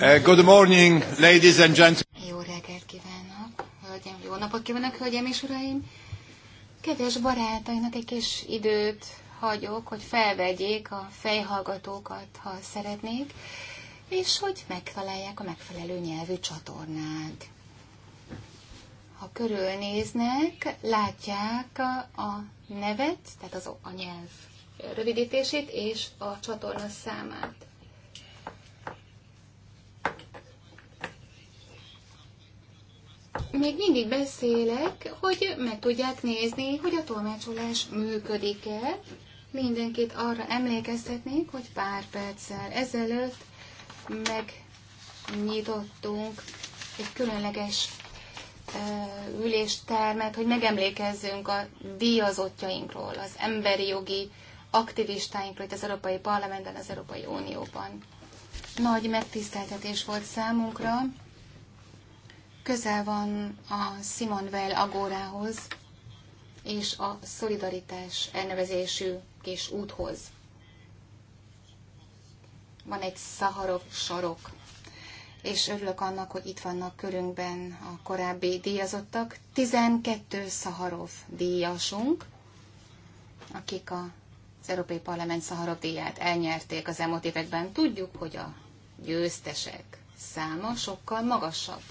Uh, good morning, ladies and gentlemen. Jó reggelt kívánok, hölgyem, jó napot kívánok, hölgyem és uraim. Kedves barátainak egy kis időt hagyok, hogy felvegyék a fejhallgatókat, ha szeretnék, és hogy megtalálják a megfelelő nyelvű csatornát. Ha körülnéznek, látják a nevet, tehát az a nyelv rövidítését és a csatorna számát. még mindig beszélek, hogy meg tudják nézni, hogy a tolmácsolás működik-e. Mindenkit arra emlékeztetnék, hogy pár perccel ezelőtt megnyitottunk egy különleges uh, üléstermet, hogy megemlékezzünk a díjazottjainkról, az emberi jogi aktivistáinkról itt az Európai Parlamentben, az Európai Unióban. Nagy megtiszteltetés volt számunkra, közel van a Simon Weil agórához és a szolidaritás elnevezésű kis úthoz. Van egy szaharok sarok, és örülök annak, hogy itt vannak körünkben a korábbi díjazottak. 12 Szaharov díjasunk, akik az Európai Parlament Szaharov díját elnyerték az elmúlt években. Tudjuk, hogy a győztesek száma sokkal magasabb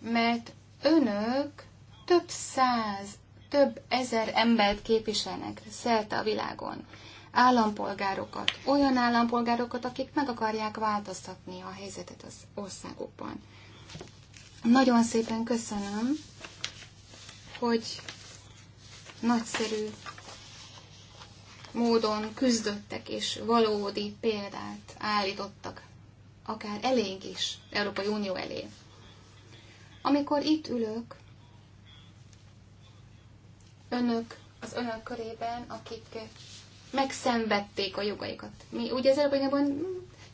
mert önök több száz, több ezer embert képviselnek szerte a világon. Állampolgárokat, olyan állampolgárokat, akik meg akarják változtatni a helyzetet az országokban. Nagyon szépen köszönöm, hogy nagyszerű módon küzdöttek és valódi példát állítottak, akár elénk is, Európai Unió elé. Amikor itt ülök, önök, az önök körében, akik megszenvedték a jogaikat. Mi úgy az Európában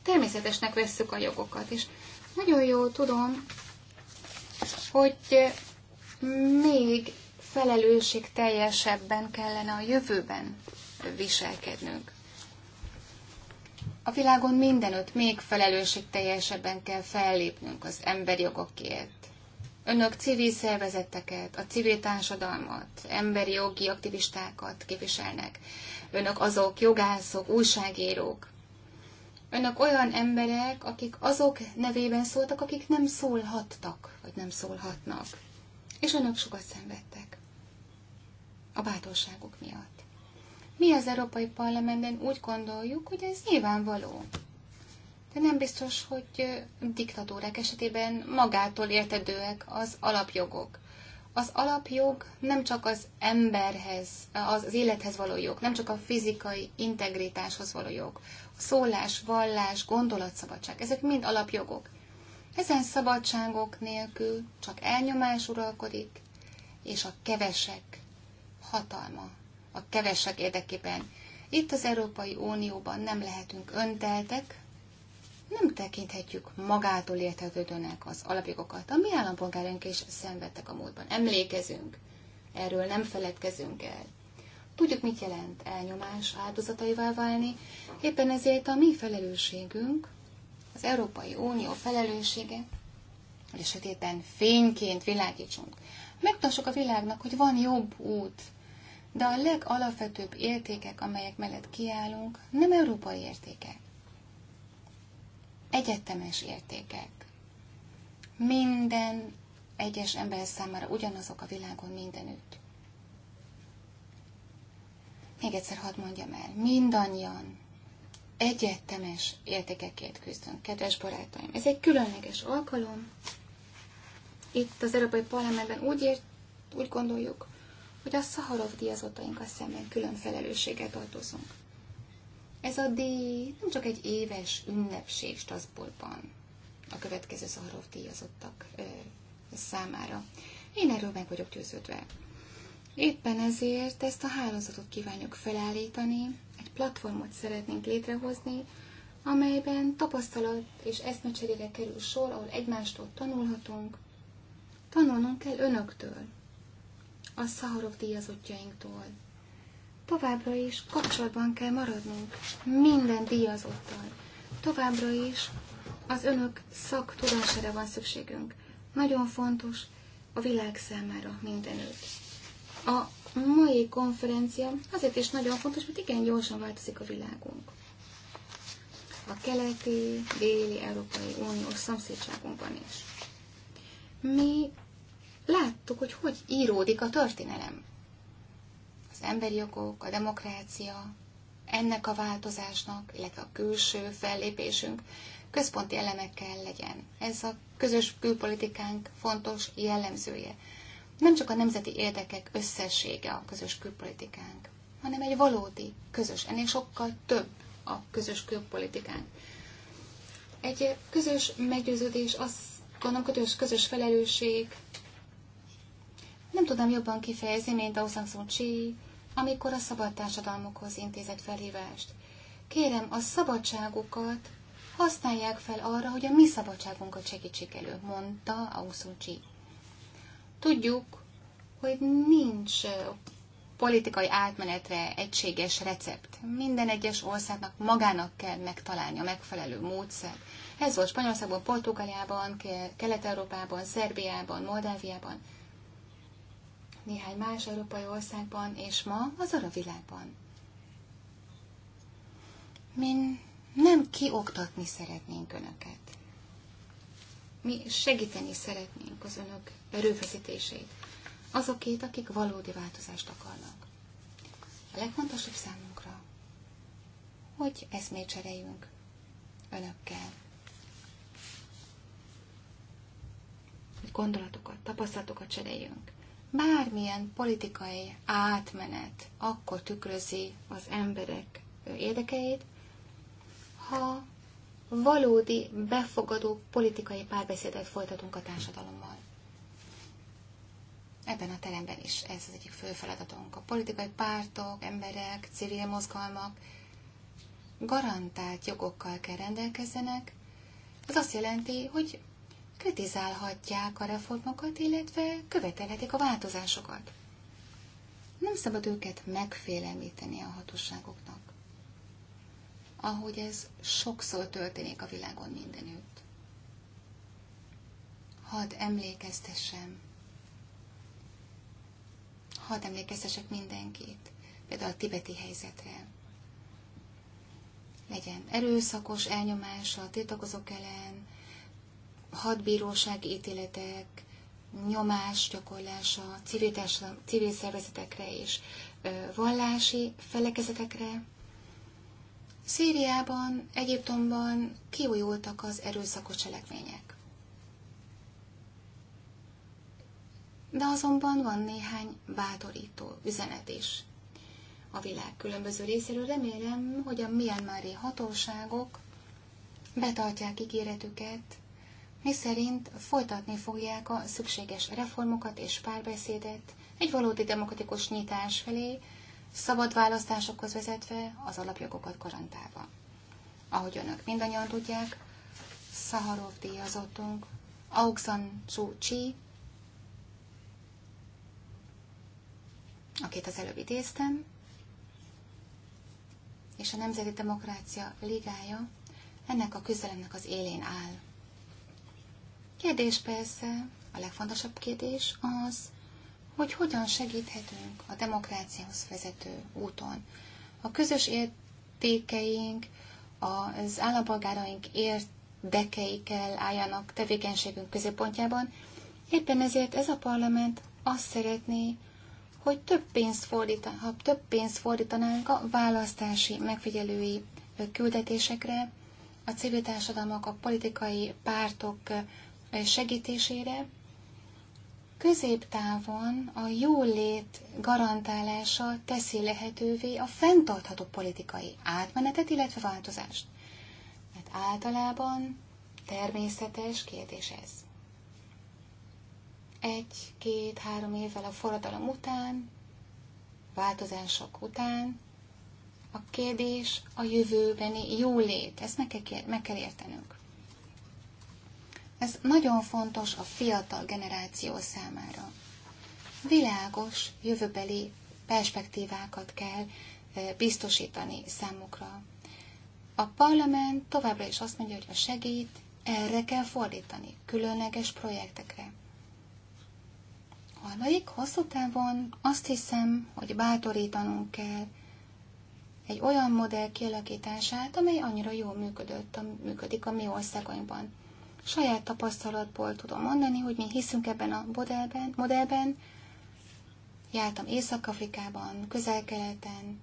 természetesnek vesszük a jogokat, és nagyon jó tudom, hogy még felelősség teljesebben kellene a jövőben viselkednünk. A világon mindenütt még felelősség teljesebben kell fellépnünk az emberi jogokért, Önök civil szervezeteket, a civil társadalmat, emberi jogi aktivistákat képviselnek. Önök azok jogászok, újságírók. Önök olyan emberek, akik azok nevében szóltak, akik nem szólhattak, vagy nem szólhatnak. És önök sokat szenvedtek. A bátorságuk miatt. Mi az Európai Parlamentben úgy gondoljuk, hogy ez nyilvánvaló de nem biztos, hogy diktatúrák esetében magától értedőek az alapjogok. Az alapjog nem csak az emberhez, az élethez való jog, nem csak a fizikai integritáshoz való jog. A szólás, vallás, gondolatszabadság, ezek mind alapjogok. Ezen szabadságok nélkül csak elnyomás uralkodik, és a kevesek hatalma, a kevesek érdekében. Itt az Európai Unióban nem lehetünk önteltek, nem tekinthetjük magától értetődőnek az alapjogokat. A mi állampolgáraink is szenvedtek a múltban. Emlékezünk, erről nem feledkezünk el. Tudjuk, mit jelent elnyomás áldozataival válni, éppen ezért a mi felelősségünk, az Európai Unió felelőssége, hogy a fényként világítsunk. Megtassuk a világnak, hogy van jobb út, de a legalapvetőbb értékek, amelyek mellett kiállunk, nem európai értékek egyetemes értékek. Minden egyes ember számára ugyanazok a világon mindenütt. Még egyszer hadd mondjam el, mindannyian egyetemes értékekért küzdünk, kedves barátaim. Ez egy különleges alkalom. Itt az Európai Parlamentben úgy, ért, úgy gondoljuk, hogy a Szaharov diazotainkkal szemben külön felelősséget tartozunk. Ez a díj nem csak egy éves ünnepség Strasbourgban a következő Zaharov díjazottak ö, számára. Én erről meg vagyok győződve. Éppen ezért ezt a hálózatot kívánjuk felállítani, egy platformot szeretnénk létrehozni, amelyben tapasztalat és eszmecserére kerül sor, ahol egymástól tanulhatunk. Tanulnunk kell önöktől, a Szaharov díjazottjainktól, továbbra is kapcsolatban kell maradnunk minden díjazottal. Továbbra is az önök szaktudására van szükségünk. Nagyon fontos a világ számára mindenütt. A mai konferencia azért is nagyon fontos, mert igen gyorsan változik a világunk. A keleti, déli Európai Uniós szomszédságunkban is. Mi láttuk, hogy hogy íródik a történelem emberi jogok, a demokrácia, ennek a változásnak, illetve a külső fellépésünk központi elemekkel legyen. Ez a közös külpolitikánk fontos jellemzője. Nem csak a nemzeti érdekek összessége a közös külpolitikánk, hanem egy valódi, közös, ennél sokkal több a közös külpolitikánk. Egy közös meggyőződés, azt gondolom, közös, közös felelősség, nem tudom, jobban kifejezni, mint Aung San Suu Kyi, amikor a szabad társadalmokhoz intézett felhívást. Kérem, a szabadságukat használják fel arra, hogy a mi szabadságunkat segítsék elő, mondta Aung Tudjuk, hogy nincs politikai átmenetre egységes recept. Minden egyes országnak magának kell megtalálni a megfelelő módszert. Ez volt Spanyolországban, Portugáliában, Kelet-Európában, Szerbiában, Moldáviában néhány más európai országban, és ma az arab világban. Mi nem kioktatni szeretnénk önöket. Mi segíteni szeretnénk az önök erőfeszítését. Azokét, akik valódi változást akarnak. A legfontosabb számunkra, hogy eszmét cseréljünk önökkel. Hogy gondolatokat, tapasztalatokat cseréljünk bármilyen politikai átmenet akkor tükrözi az emberek érdekeit, ha valódi, befogadó politikai párbeszédet folytatunk a társadalommal. Ebben a teremben is ez az egyik fő feladatunk. A politikai pártok, emberek, civil mozgalmak garantált jogokkal kell rendelkezzenek. Ez azt jelenti, hogy kritizálhatják a reformokat, illetve követelhetik a változásokat. Nem szabad őket megfélemlíteni a hatóságoknak, ahogy ez sokszor történik a világon mindenütt. Hadd emlékeztessem, hadd emlékeztessek mindenkit, például a tibeti helyzetre. Legyen erőszakos elnyomás a tiltakozók ellen, hadbíróság ítéletek, nyomás gyakorlása civil, civil szervezetekre és vallási felekezetekre. Szíriában, Egyiptomban kiújultak az erőszakos cselekmények. De azonban van néhány bátorító üzenet is. A világ különböző részéről remélem, hogy a Myanmari hatóságok betartják ígéretüket szerint folytatni fogják a szükséges reformokat és párbeszédet egy valódi demokratikus nyitás felé, szabad választásokhoz vezetve, az alapjogokat garantálva. Ahogy önök mindannyian tudják, Szaharov díjazottunk, Aung San Suu Kyi, akit az előbb idéztem, és a Nemzeti Demokrácia Ligája ennek a küzdelemnek az élén áll. Kérdés persze, a legfontosabb kérdés az, hogy hogyan segíthetünk a demokráciához vezető úton. A közös értékeink, az állampolgáraink érdekeikkel álljanak tevékenységünk középpontjában. Éppen ezért ez a parlament azt szeretné, hogy több pénzt, fordítan, ha több pénzt fordítanánk a választási megfigyelői küldetésekre, a civil társadalmak, a politikai pártok segítésére, középtávon a jólét garantálása teszi lehetővé a fenntartható politikai átmenetet, illetve változást. Mert hát általában természetes kérdés ez. Egy, két, három évvel a forradalom után, változások után, a kérdés a jövőbeni jólét, ezt meg kell, meg kell értenünk. Ez nagyon fontos a fiatal generáció számára. Világos jövőbeli perspektívákat kell biztosítani számukra. A parlament továbbra is azt mondja, hogy a segít erre kell fordítani, különleges projektekre. Harmadik, hosszú távon azt hiszem, hogy bátorítanunk kell egy olyan modell kialakítását, amely annyira jól működött, működik a mi országainkban. Saját tapasztalatból tudom mondani, hogy mi hiszünk ebben a modellben, modellben. jártam Észak-Afrikában, Közel-Keleten,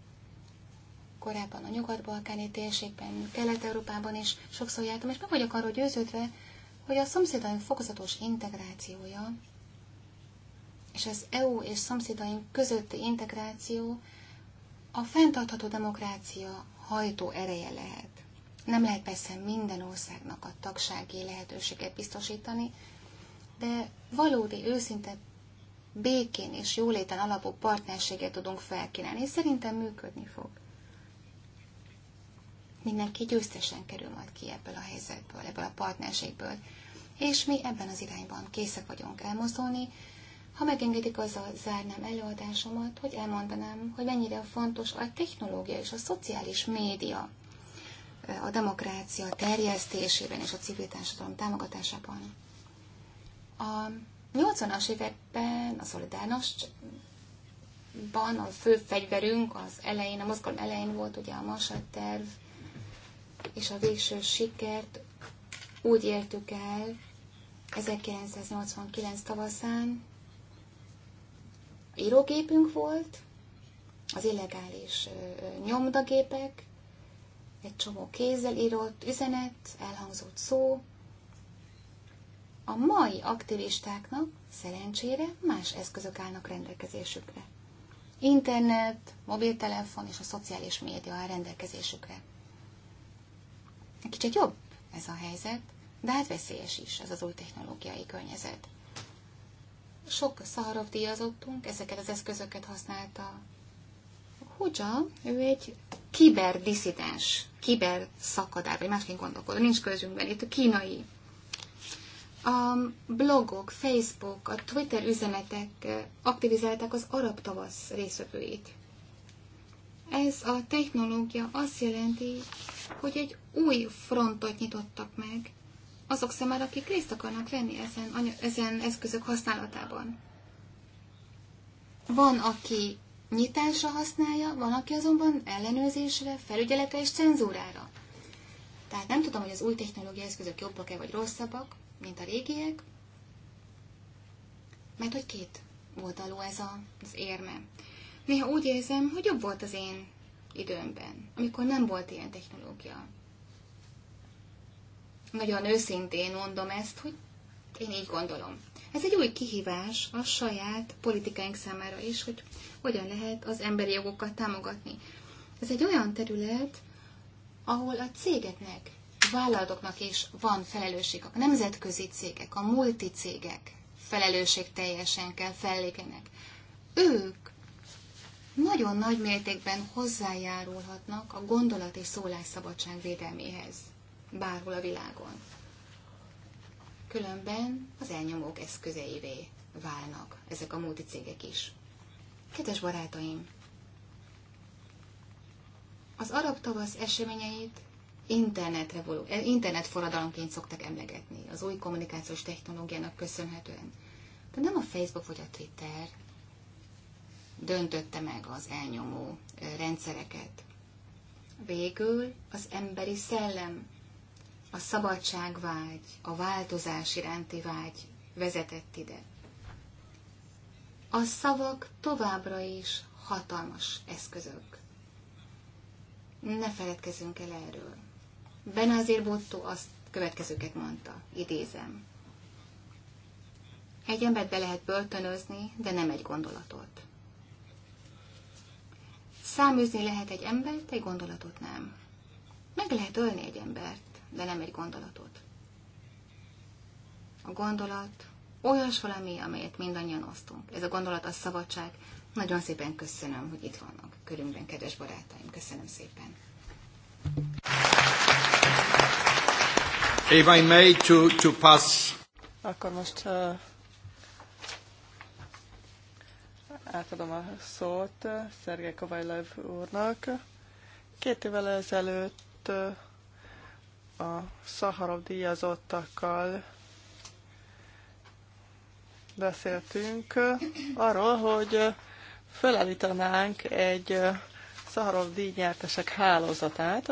korábban a nyugat-balkáni térségben, Kelet-Európában is sokszor jártam, és meg vagyok arról győződve, hogy a szomszédaink fokozatos integrációja és az EU és szomszédaink közötti integráció a fenntartható demokrácia hajtó ereje lehet. Nem lehet persze minden országnak a tagsági lehetőséget biztosítani, de valódi, őszinte békén és jóléten alapú partnerséget tudunk felkínálni, és szerintem működni fog. Mindenki győztesen kerül majd ki ebből a helyzetből, ebből a partnerségből, és mi ebben az irányban készek vagyunk elmozdulni. Ha megengedik, azzal zárnám előadásomat, hogy elmondanám, hogy mennyire fontos a technológia és a szociális média a demokrácia terjesztésében és a civil társadalom támogatásában. A 80-as években a szolidárnosban a fő fegyverünk az elején, a mozgalom elején volt ugye a Marshall terv, és a végső sikert úgy értük el 1989 tavaszán, írógépünk volt, az illegális nyomdagépek, egy csomó kézzel írott üzenet, elhangzott szó. A mai aktivistáknak szerencsére más eszközök állnak rendelkezésükre. Internet, mobiltelefon és a szociális média áll rendelkezésükre. Egy kicsit jobb ez a helyzet, de hát veszélyes is ez az új technológiai környezet. Sok szaharov díjazottunk, ezeket az eszközöket használta. Hogyan? ő egy kiberdiszidens, szakadár. vagy másként gondolkodó, nincs közünkben, itt a kínai. A blogok, Facebook, a Twitter üzenetek aktivizálták az arab tavasz részvevőit. Ez a technológia azt jelenti, hogy egy új frontot nyitottak meg azok számára, akik részt akarnak venni ezen, ezen eszközök használatában. Van, aki nyitásra használja, van, aki azonban ellenőrzésre, felügyeletre és cenzúrára. Tehát nem tudom, hogy az új technológiai eszközök jobbak-e vagy rosszabbak, mint a régiek, mert hogy két oldalú ez a, az érme. Néha úgy érzem, hogy jobb volt az én időmben, amikor nem volt ilyen technológia. Nagyon őszintén mondom ezt, hogy én így gondolom. Ez egy új kihívás a saját politikánk számára is, hogy hogyan lehet az emberi jogokat támogatni. Ez egy olyan terület, ahol a cégeknek, vállalatoknak is van felelősség. A nemzetközi cégek, a multi cégek felelősség teljesen kell fellékenek. Ők nagyon nagy mértékben hozzájárulhatnak a gondolat és szólásszabadság védelméhez, bárhol a világon. Különben az elnyomók eszközeivé válnak ezek a multicégek is. Kedves barátaim! Az arab tavasz eseményeit internetre való, eh, internet forradalomként szoktak emlegetni, az új kommunikációs technológiának köszönhetően. De nem a Facebook vagy a Twitter döntötte meg az elnyomó eh, rendszereket. Végül az emberi szellem, a szabadságvágy, a változás iránti vágy vezetett ide. A szavak továbbra is hatalmas eszközök. Ne feledkezzünk el erről. Benazir Bottó azt következőket mondta, idézem. Egy embert be lehet börtönözni, de nem egy gondolatot. Száműzni lehet egy embert, egy gondolatot nem. Meg lehet ölni egy embert, de nem egy gondolatot. A gondolat olyas valami, amelyet mindannyian osztunk. Ez a gondolat a szabadság. Nagyon szépen köszönöm, hogy itt vannak körünkben, kedves barátaim. Köszönöm szépen. If I may to, to pass. Akkor most uh, átadom a szót Szergei Kovajlev úrnak. Két évvel ezelőtt a Szaharov díjazottakkal beszéltünk arról, hogy felállítanánk egy Szaharov díjnyertesek hálózatát.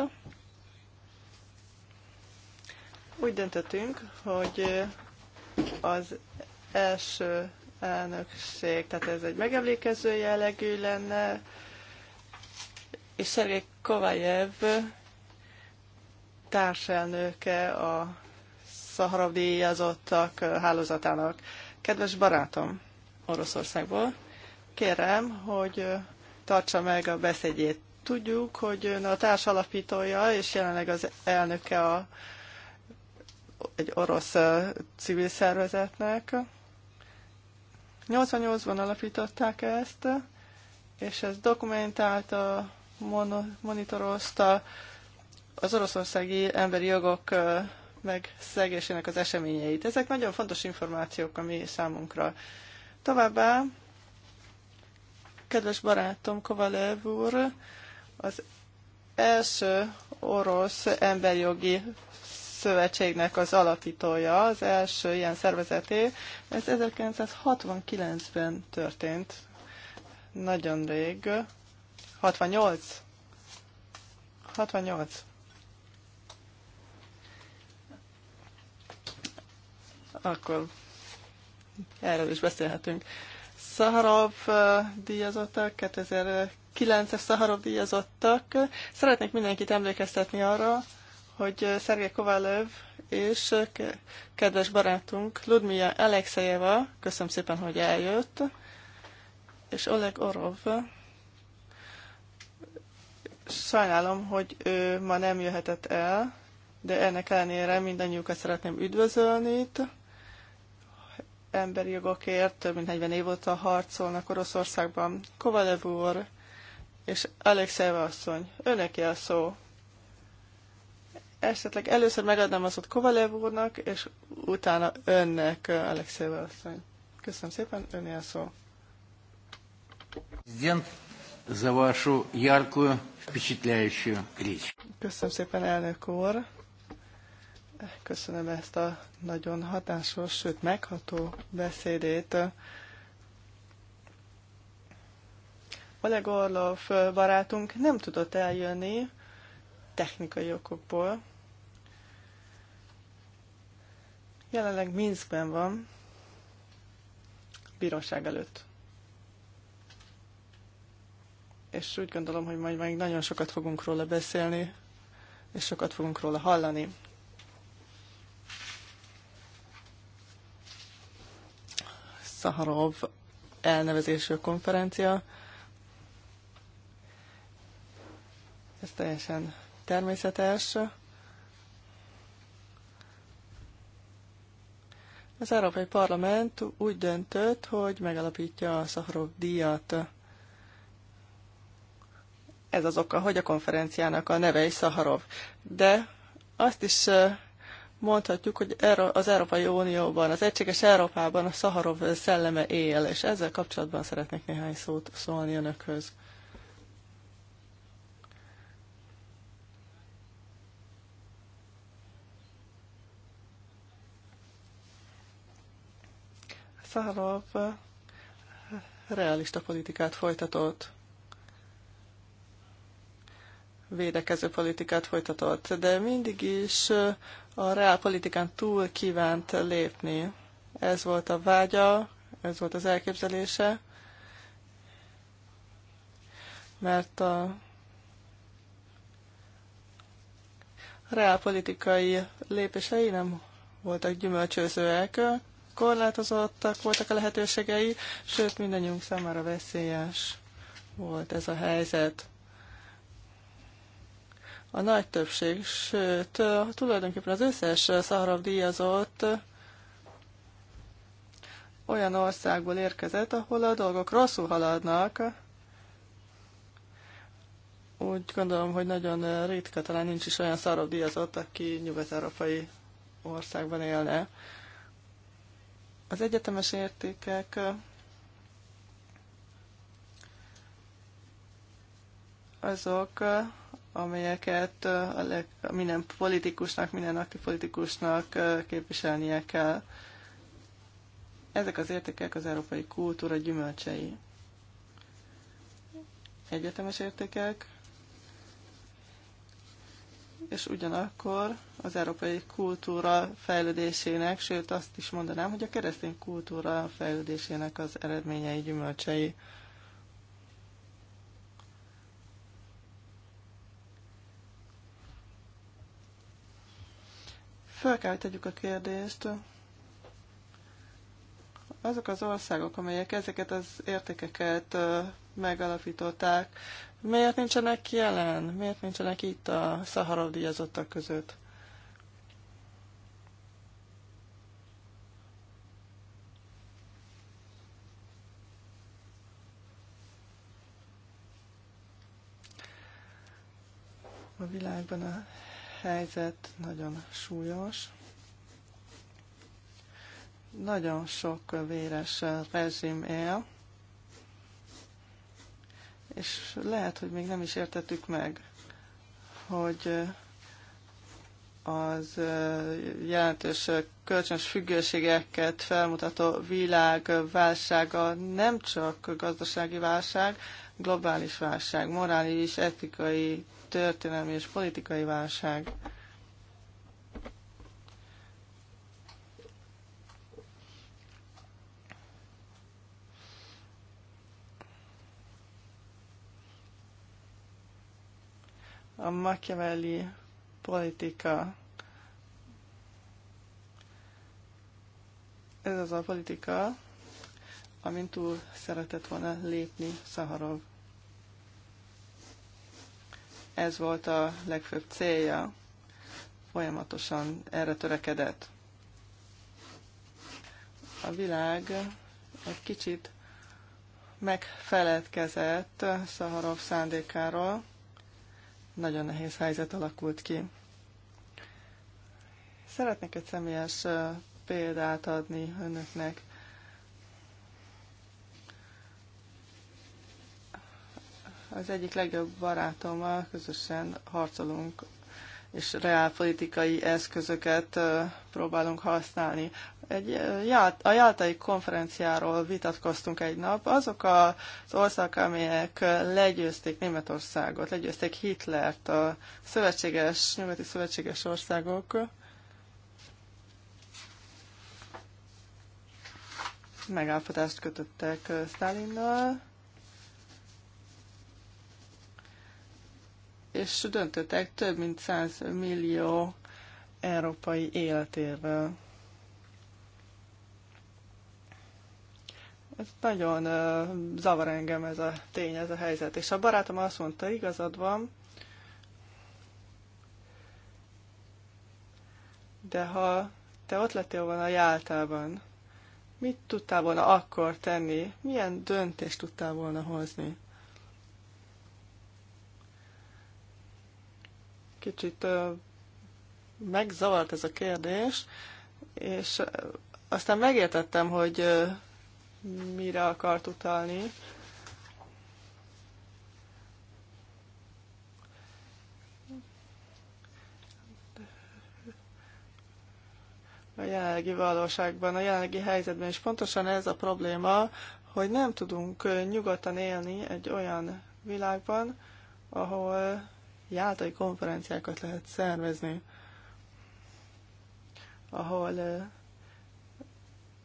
Úgy döntöttünk, hogy az első elnökség, tehát ez egy megemlékező jellegű lenne, és Sergei Kovájev társelnöke a Szaharov díjazottak hálózatának. Kedves barátom Oroszországból, kérem, hogy tartsa meg a beszédjét. Tudjuk, hogy ön a alapítója és jelenleg az elnöke a, egy orosz civil szervezetnek. 88-ban alapították ezt, és ez dokumentálta, monitorozta az oroszországi emberi jogok megszegésének az eseményeit. Ezek nagyon fontos információk a mi számunkra. Továbbá, kedves barátom Kovalev úr, az első orosz emberjogi szövetségnek az alapítója, az első ilyen szervezeté. Ez 1969-ben történt, nagyon rég, 68, 68. akkor erről is beszélhetünk. Szaharov díjazottak, 2009-es Szaharov díjazottak. Szeretnék mindenkit emlékeztetni arra, hogy Szergej Kovalev és kedves barátunk Ludmilla Alexejeva, köszönöm szépen, hogy eljött, és Oleg Orov, sajnálom, hogy ő ma nem jöhetett el, de ennek ellenére mindannyiukat szeretném üdvözölni itt emberi jogokért több mint 40 év óta harcolnak Oroszországban. Kovalev úr és Alexeva asszony, önöké a szó. Esetleg először megadnám az ott Kovalev úrnak, és utána önnek, Alexeva asszony. Köszönöm szépen, öné a szó. Köszönöm szépen, elnök úr. Köszönöm ezt a nagyon hatásos, sőt megható beszédét. Oleg Orlov barátunk nem tudott eljönni technikai okokból. Jelenleg Minskben van, bíróság előtt. És úgy gondolom, hogy majd még nagyon sokat fogunk róla beszélni, és sokat fogunk róla hallani. Szaharov elnevezésű konferencia. Ez teljesen természetes. Az Európai Parlament úgy döntött, hogy megalapítja a Szaharov díjat. Ez az oka, hogy a konferenciának a neve is Szaharov. De azt is eh, mondhatjuk, hogy az Európai Unióban, az Egységes Európában a Szaharov szelleme él, és ezzel kapcsolatban szeretnék néhány szót szólni önökhöz. Szaharov realista politikát folytatott védekező politikát folytatott, de mindig is a reálpolitikán túl kívánt lépni. Ez volt a vágya, ez volt az elképzelése, mert a reálpolitikai lépései nem voltak gyümölcsözőek, korlátozottak voltak a lehetőségei, sőt mindannyiunk számára veszélyes volt ez a helyzet a nagy többség, sőt, tulajdonképpen az összes Szaharov díjazott olyan országból érkezett, ahol a dolgok rosszul haladnak. Úgy gondolom, hogy nagyon ritka, talán nincs is olyan Szaharov díjazott, aki nyugat-európai országban élne. Az egyetemes értékek azok amelyeket a leg, minden politikusnak, minden aktív politikusnak képviselnie kell. Ezek az értékek az európai kultúra gyümölcsei. Egyetemes értékek, és ugyanakkor az európai kultúra fejlődésének, sőt azt is mondanám, hogy a keresztény kultúra fejlődésének az eredményei, gyümölcsei. Föl kell, hogy tegyük a kérdést, azok az országok, amelyek ezeket az értékeket megalapították, miért nincsenek jelen? Miért nincsenek itt a szaharodíjazottak között? A világban a helyzet nagyon súlyos. Nagyon sok véres rezsim él, és lehet, hogy még nem is értettük meg, hogy az jelentős kölcsönös függőségeket felmutató világ válsága nem csak gazdasági válság, globális válság, morális, etikai, történelmi és politikai válság. A Machiavelli politika ez az a politika, amin túl szeretett volna lépni Szaharov. Ez volt a legfőbb célja, folyamatosan erre törekedett. A világ egy kicsit megfeledkezett Szaharov szándékáról, nagyon nehéz helyzet alakult ki. Szeretnék egy személyes példát adni önöknek. Az egyik legjobb barátommal közösen harcolunk, és reálpolitikai eszközöket próbálunk használni. Egy, a Jáltai konferenciáról vitatkoztunk egy nap. Azok az országok, amelyek legyőzték Németországot, legyőzték Hitlert, a szövetséges, nyugati szövetséges országok, megállapodást kötöttek Stalinnal, és döntöttek több mint 100 millió európai életéről. Ez nagyon uh, zavar engem ez a tény, ez a helyzet. És a barátom azt mondta, igazad van, de ha te ott lettél volna a jáltában, mit tudtál volna akkor tenni? Milyen döntést tudtál volna hozni? kicsit megzavart ez a kérdés, és aztán megértettem, hogy mire akart utalni. A jelenlegi valóságban, a jelenlegi helyzetben, és pontosan ez a probléma, hogy nem tudunk nyugodtan élni egy olyan világban, ahol játai konferenciákat lehet szervezni, ahol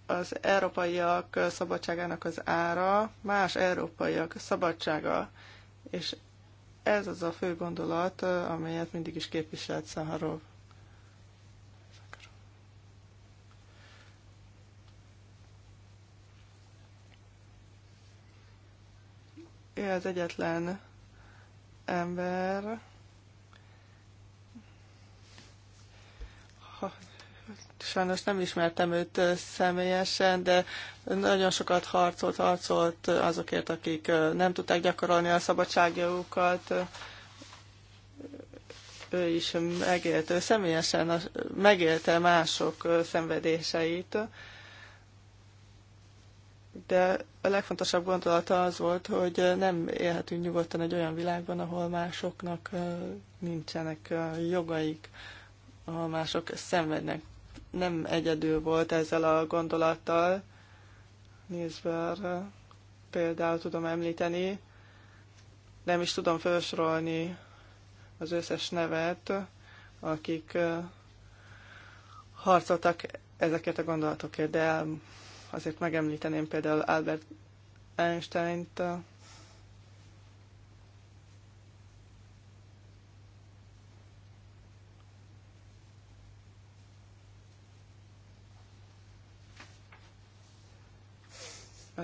az európaiak szabadságának az ára más európaiak szabadsága, és ez az a fő gondolat, amelyet mindig is képviselt Szaharov. Ő az egyetlen ember, sajnos nem ismertem őt személyesen, de nagyon sokat harcolt, harcolt azokért, akik nem tudták gyakorolni a szabadságjogukat. Ő is megélt, ő személyesen megélte mások szenvedéseit. De a legfontosabb gondolata az volt, hogy nem élhetünk nyugodtan egy olyan világban, ahol másoknak nincsenek jogaik ahol mások szenvednek. Nem egyedül volt ezzel a gondolattal. Nézve eh, például tudom említeni, nem is tudom felsorolni az összes nevet, akik eh, harcoltak ezeket a gondolatokért, de azért megemlíteném például Albert Einstein-t,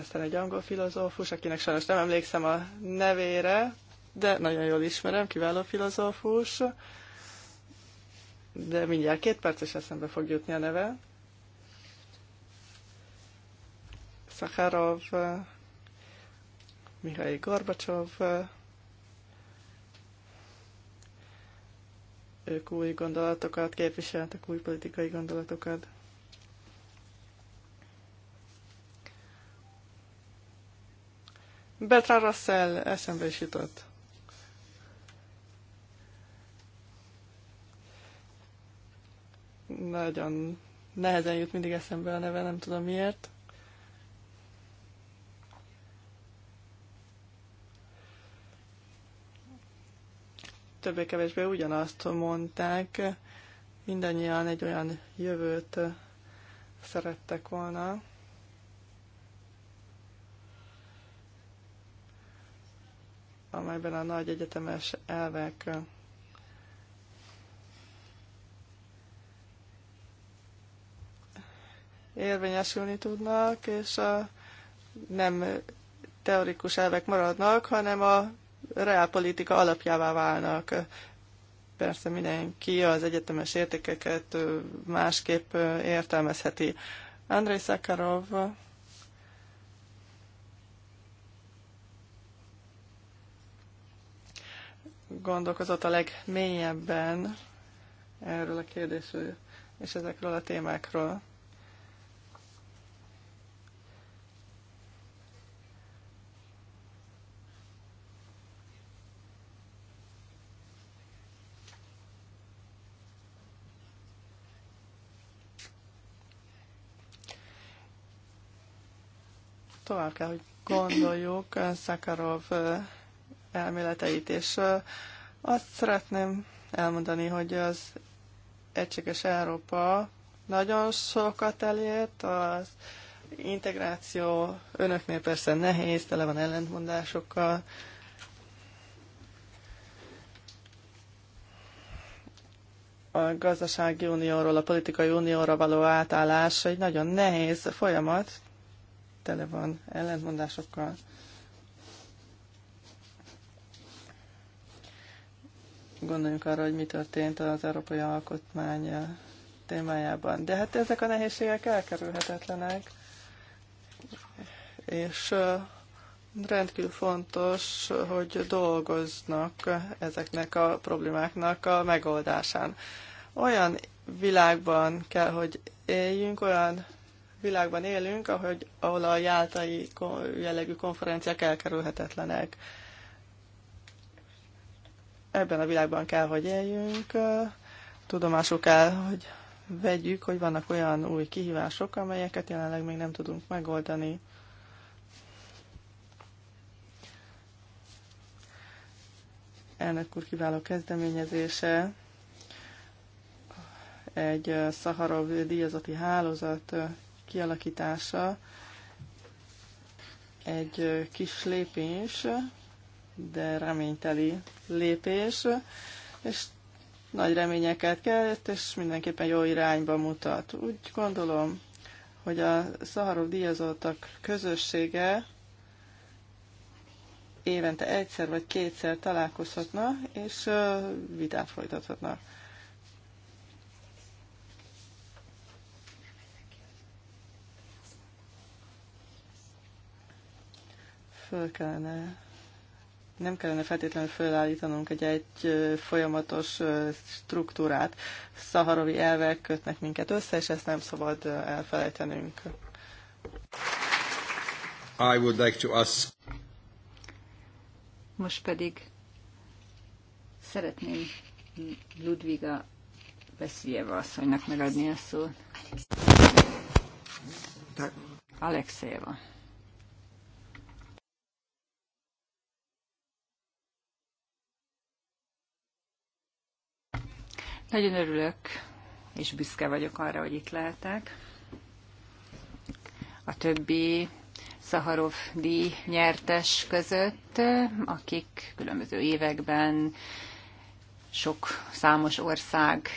Aztán egy angol filozófus, akinek sajnos nem emlékszem a nevére, de nagyon jól ismerem, kiváló filozófus. De mindjárt két és eszembe fog jutni a neve. Szakharov, Mihály Gorbacsov, ők új gondolatokat képviseltek, új politikai gondolatokat. Bertrand Russell eszembe is jutott. Nagyon nehezen jut mindig eszembe a neve, nem tudom miért. Többé-kevésbé ugyanazt mondták, mindannyian egy olyan jövőt szerettek volna, amelyben a nagy egyetemes elvek érvényesülni tudnak, és a nem teorikus elvek maradnak, hanem a reálpolitika alapjává válnak. Persze mindenki az egyetemes értékeket másképp értelmezheti. Andrei Szakarov gondolkozott a legmélyebben erről a kérdésről és ezekről a témákról. Tovább kell, hogy gondoljuk Szakarov elméleteit, és azt szeretném elmondani, hogy az Egységes Európa nagyon sokat elért, az integráció önöknél persze nehéz, tele van ellentmondásokkal, a gazdasági unióról a politikai unióra való átállás egy nagyon nehéz folyamat, tele van ellentmondásokkal. Gondoljunk arra, hogy mi történt az Európai Alkotmány témájában. De hát ezek a nehézségek elkerülhetetlenek, és rendkívül fontos, hogy dolgoznak ezeknek a problémáknak a megoldásán. Olyan világban kell, hogy éljünk, olyan világban élünk, ahogy, ahol a jáltai jellegű konferenciák elkerülhetetlenek ebben a világban kell, hogy éljünk. Tudomásul kell, hogy vegyük, hogy vannak olyan új kihívások, amelyeket jelenleg még nem tudunk megoldani. Elnök úr kiváló kezdeményezése egy Szaharov díjazati hálózat kialakítása, egy kis lépés, de reményteli lépés, és nagy reményeket kellett, és mindenképpen jó irányba mutat. Úgy gondolom, hogy a szaharok díjazottak közössége évente egyszer vagy kétszer találkozhatna, és vitát folytathatna. Föl kellene nem kellene feltétlenül felállítanunk egy, egy folyamatos struktúrát. Szaharovi elvek kötnek minket össze, és ezt nem szabad elfelejtenünk. I would like to ask... Most pedig szeretném Ludviga Veszélyeva asszonynak megadni a szót. Alexéva. Nagyon örülök, és büszke vagyok arra, hogy itt lehetek. A többi Szaharov díj nyertes között, akik különböző években sok számos ország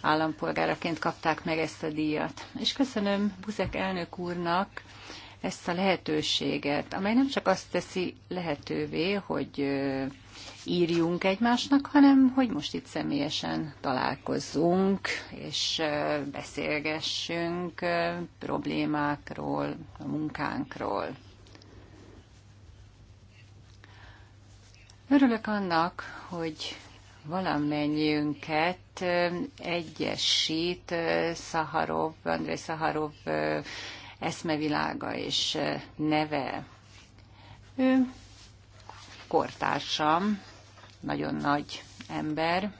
állampolgáraként kapták meg ezt a díjat. És köszönöm Buzek elnök úrnak ezt a lehetőséget, amely nem csak azt teszi lehetővé, hogy írjunk egymásnak, hanem hogy most itt személyesen találkozzunk, és beszélgessünk problémákról, a munkánkról. Örülök annak, hogy valamennyiünket egyesít Szaharov, Andrei Szaharov eszmevilága és neve. Ő kortársam, nagyon nagy ember,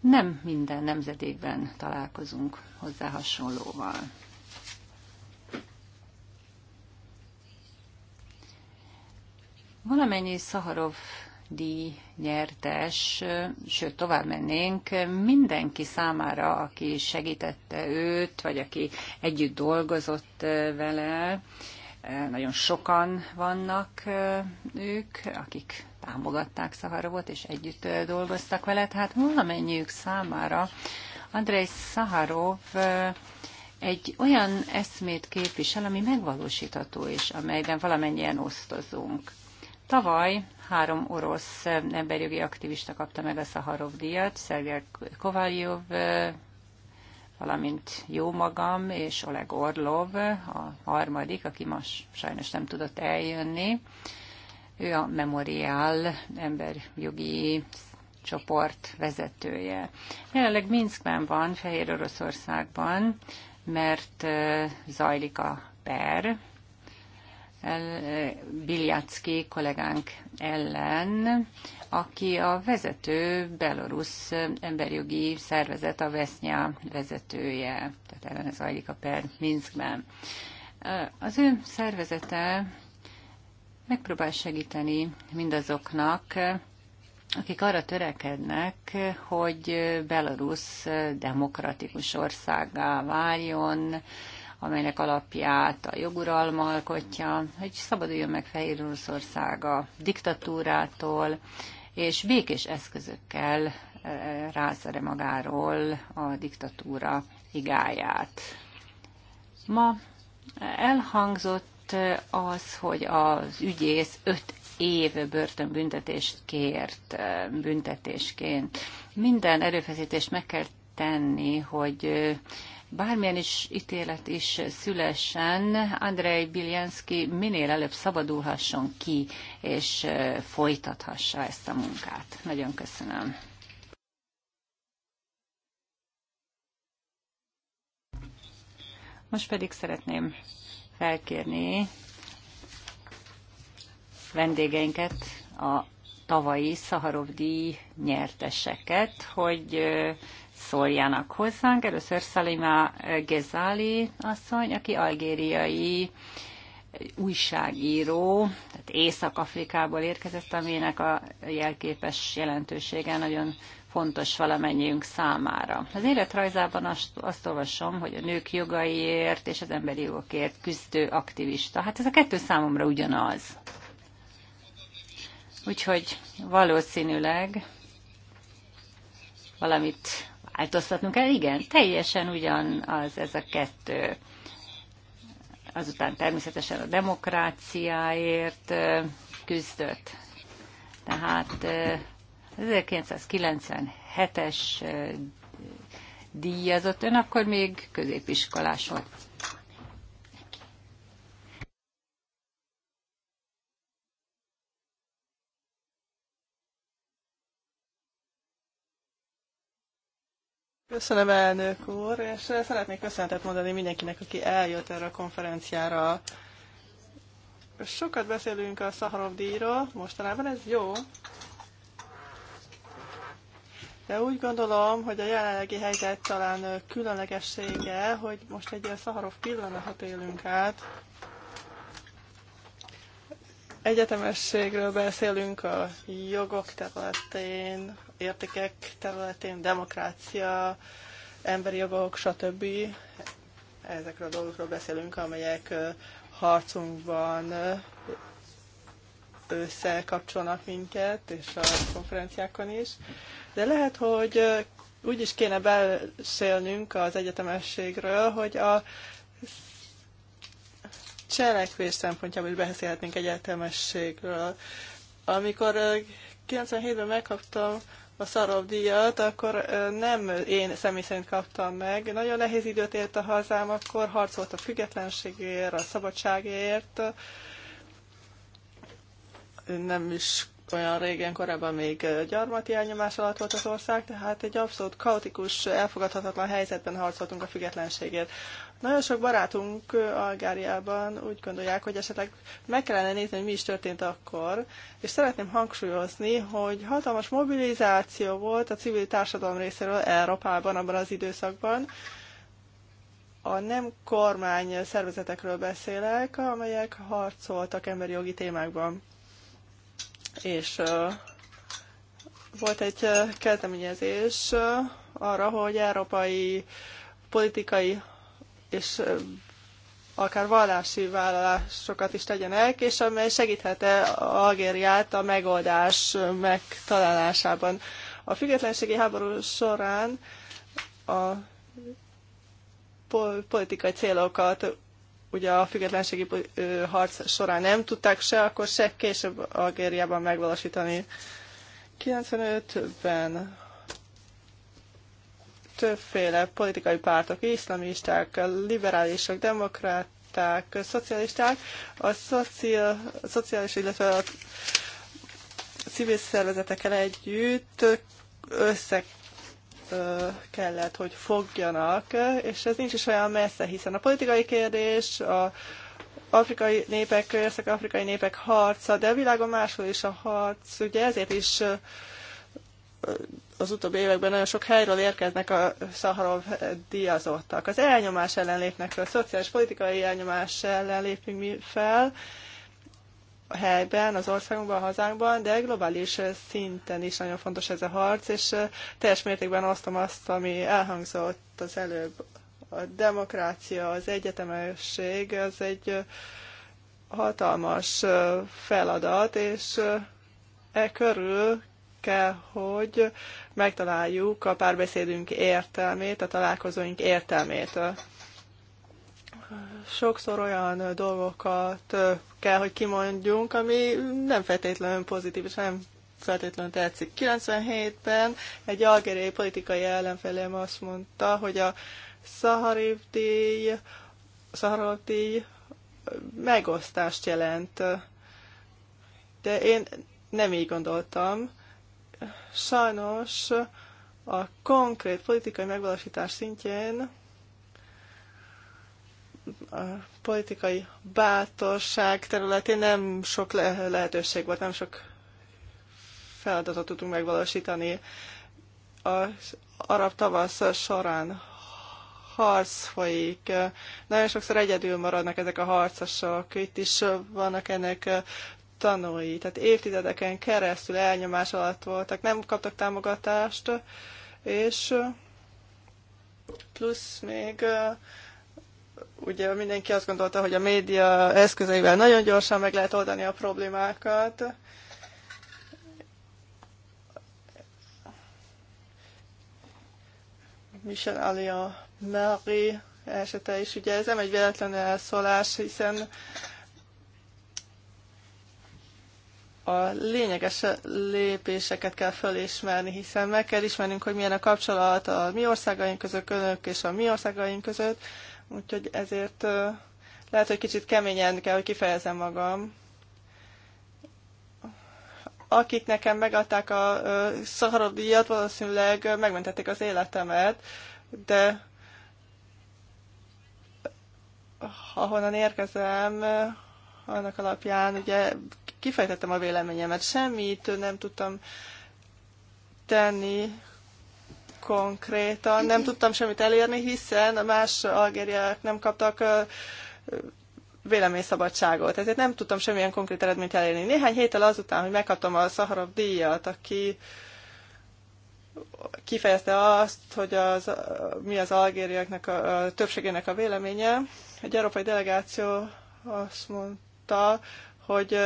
nem minden nemzedékben találkozunk hozzá hasonlóval. Valamennyi Szaharov díj nyertes, sőt tovább mennénk, mindenki számára, aki segítette őt, vagy aki együtt dolgozott eh, vele, Eh, nagyon sokan vannak eh, ők, akik támogatták Szaharovot, és együtt eh, dolgoztak vele. Tehát valamennyiük számára Andrei Szaharov egy olyan eszmét képvisel, ami megvalósítható és amelyben valamennyien osztozunk. Tavaly három orosz emberjogi aktivista kapta meg a Szaharov díjat, Szergej Kovaljov, valamint jó magam és Oleg Orlov, a harmadik, aki most sajnos nem tudott eljönni. Ő a Memorial emberjogi csoport vezetője. Jelenleg Minskben van, Fehér Oroszországban, mert zajlik a per, Biljacki kollégánk ellen, aki a vezető belorusz emberjogi szervezet, a Vesznya vezetője, tehát ez zajlik a per Minskben. Az ő szervezete megpróbál segíteni mindazoknak, akik arra törekednek, hogy Belarus demokratikus országá váljon, amelynek alapját a joguralma alkotja, hogy szabaduljon meg Fehér Oroszország a diktatúrától, és békés eszközökkel eh, rászere magáról a diktatúra igáját. Ma elhangzott az, hogy az ügyész öt év börtönbüntetést kért eh, büntetésként. Minden erőfeszítést meg kell tenni, hogy eh, bármilyen is ítélet is szülessen, Andrei Biljenszki minél előbb szabadulhasson ki, és folytathassa ezt a munkát. Nagyon köszönöm. Most pedig szeretném felkérni vendégeinket, a tavalyi Szaharov díj nyerteseket, hogy szóljanak hozzánk. Először Salima Gezali asszony, aki algériai újságíró, tehát Észak-Afrikából érkezett, aminek a jelképes jelentősége nagyon fontos valamennyiünk számára. Az életrajzában azt, azt olvasom, hogy a nők jogaiért és az emberi jogokért küzdő aktivista. Hát ez a kettő számomra ugyanaz. Úgyhogy valószínűleg valamit változtatnunk kell. Igen, teljesen ugyanaz ez a kettő. Azután természetesen a demokráciáért küzdött. Tehát 1997-es díjazott, ön akkor még középiskolás volt. Köszönöm, elnök úr, és eh, szeretnék köszönetet mondani mindenkinek, aki eljött erre a konferenciára. Sokat beszélünk a Szaharov díjról, mostanában ez jó, de úgy gondolom, hogy a jelenlegi helyzet talán eh, különlegessége, hogy most egy ilyen eh, Szaharov pillanatot élünk át. Egyetemességről beszélünk a jogok területén, értékek területén, demokrácia, emberi jogok, stb. Ezekről a dolgokról beszélünk, amelyek harcunkban összekapcsolnak minket, és a konferenciákon is. De lehet, hogy úgy is kéne beszélnünk az egyetemességről, hogy a cselekvés szempontjából is beszélhetnénk egyetemességről. Amikor 97-ben megkaptam a Szarov díjat, akkor nem én személy szerint kaptam meg. Nagyon nehéz időt élt a hazám, akkor harcolt a függetlenségért, a szabadságért. Nem is olyan régen, korábban még gyarmati elnyomás alatt volt az ország, tehát egy abszolút kaotikus, elfogadhatatlan helyzetben harcoltunk a függetlenségért. Nagyon sok barátunk Algáriában úgy gondolják, hogy esetleg meg kellene nézni, hogy mi is történt akkor, és szeretném hangsúlyozni, hogy hatalmas mobilizáció volt a civil társadalom részéről Európában abban az időszakban, a nem kormány szervezetekről beszélek, amelyek harcoltak emberi jogi témákban. És uh, volt egy uh, kezdeményezés uh, arra, hogy európai politikai és akár vallási vállalásokat is tegyenek, és amely segíthet-e Algériát a megoldás megtalálásában. A függetlenségi háború során a politikai célokat ugye a függetlenségi harc során nem tudták se, akkor se később Algériában megvalósítani. 95-ben többféle politikai pártok, iszlamisták, liberálisok, demokraták, szocialisták, a, szocia, a szociális, illetve a civil szervezetekkel együtt össze kellett, hogy fogjanak, és ez nincs is olyan messze, hiszen a politikai kérdés, a afrikai népek, észak-afrikai népek harca, de a világon máshol is a harc, ugye ezért is az utóbbi években nagyon sok helyről érkeznek a Szaharov díjazottak. Az elnyomás ellen lépnek fel, a szociális politikai elnyomás ellen lépünk mi fel, a helyben, az országunkban, a hazánkban, de globális szinten is nagyon fontos ez a harc, és teljes mértékben osztom azt, ami elhangzott az előbb. A demokrácia, az egyetemesség, az egy hatalmas feladat, és e körül kell, hogy megtaláljuk a párbeszédünk értelmét, a találkozóink értelmét. Sokszor olyan dolgokat kell, hogy kimondjunk, ami nem feltétlenül pozitív, és nem feltétlenül tetszik. 97-ben egy algeriai politikai ellenfelem azt mondta, hogy a szaharov megosztást jelent. De én nem így gondoltam sajnos a konkrét politikai megvalósítás szintjén a politikai bátorság területén nem sok le- lehetőség volt, nem sok feladatot tudtunk megvalósítani. Az arab tavasz során harc folyik. Nagyon sokszor egyedül maradnak ezek a harcosok. Itt is vannak ennek tanúi, tehát évtizedeken keresztül elnyomás alatt voltak, nem kaptak támogatást, és plusz még ugye mindenki azt gondolta, hogy a média eszközeivel nagyon gyorsan meg lehet oldani a problémákat, Michel Alia Marie esete is. Ugye ez nem egy véletlen elszólás, hiszen a lényeges lépéseket kell fölismerni, hiszen meg kell ismernünk, hogy milyen a kapcsolat a mi országaink között, önök és a mi országaink között, úgyhogy ezért lehet, hogy kicsit keményen kell, hogy kifejezem magam. Akik nekem megadták a Szaharov díjat, valószínűleg megmentették az életemet, de ahonnan érkezem, annak alapján ugye kifejtettem a véleményemet, semmit nem tudtam tenni konkrétan, nem tudtam semmit elérni, hiszen a más algériák nem kaptak véleményszabadságot, ezért nem tudtam semmilyen konkrét eredményt elérni. Néhány héttel azután, hogy megkaptam a Szaharov díjat, aki kifejezte azt, hogy az, mi az algériaknak a, a többségének a véleménye. Egy európai delegáció azt mondta, hogy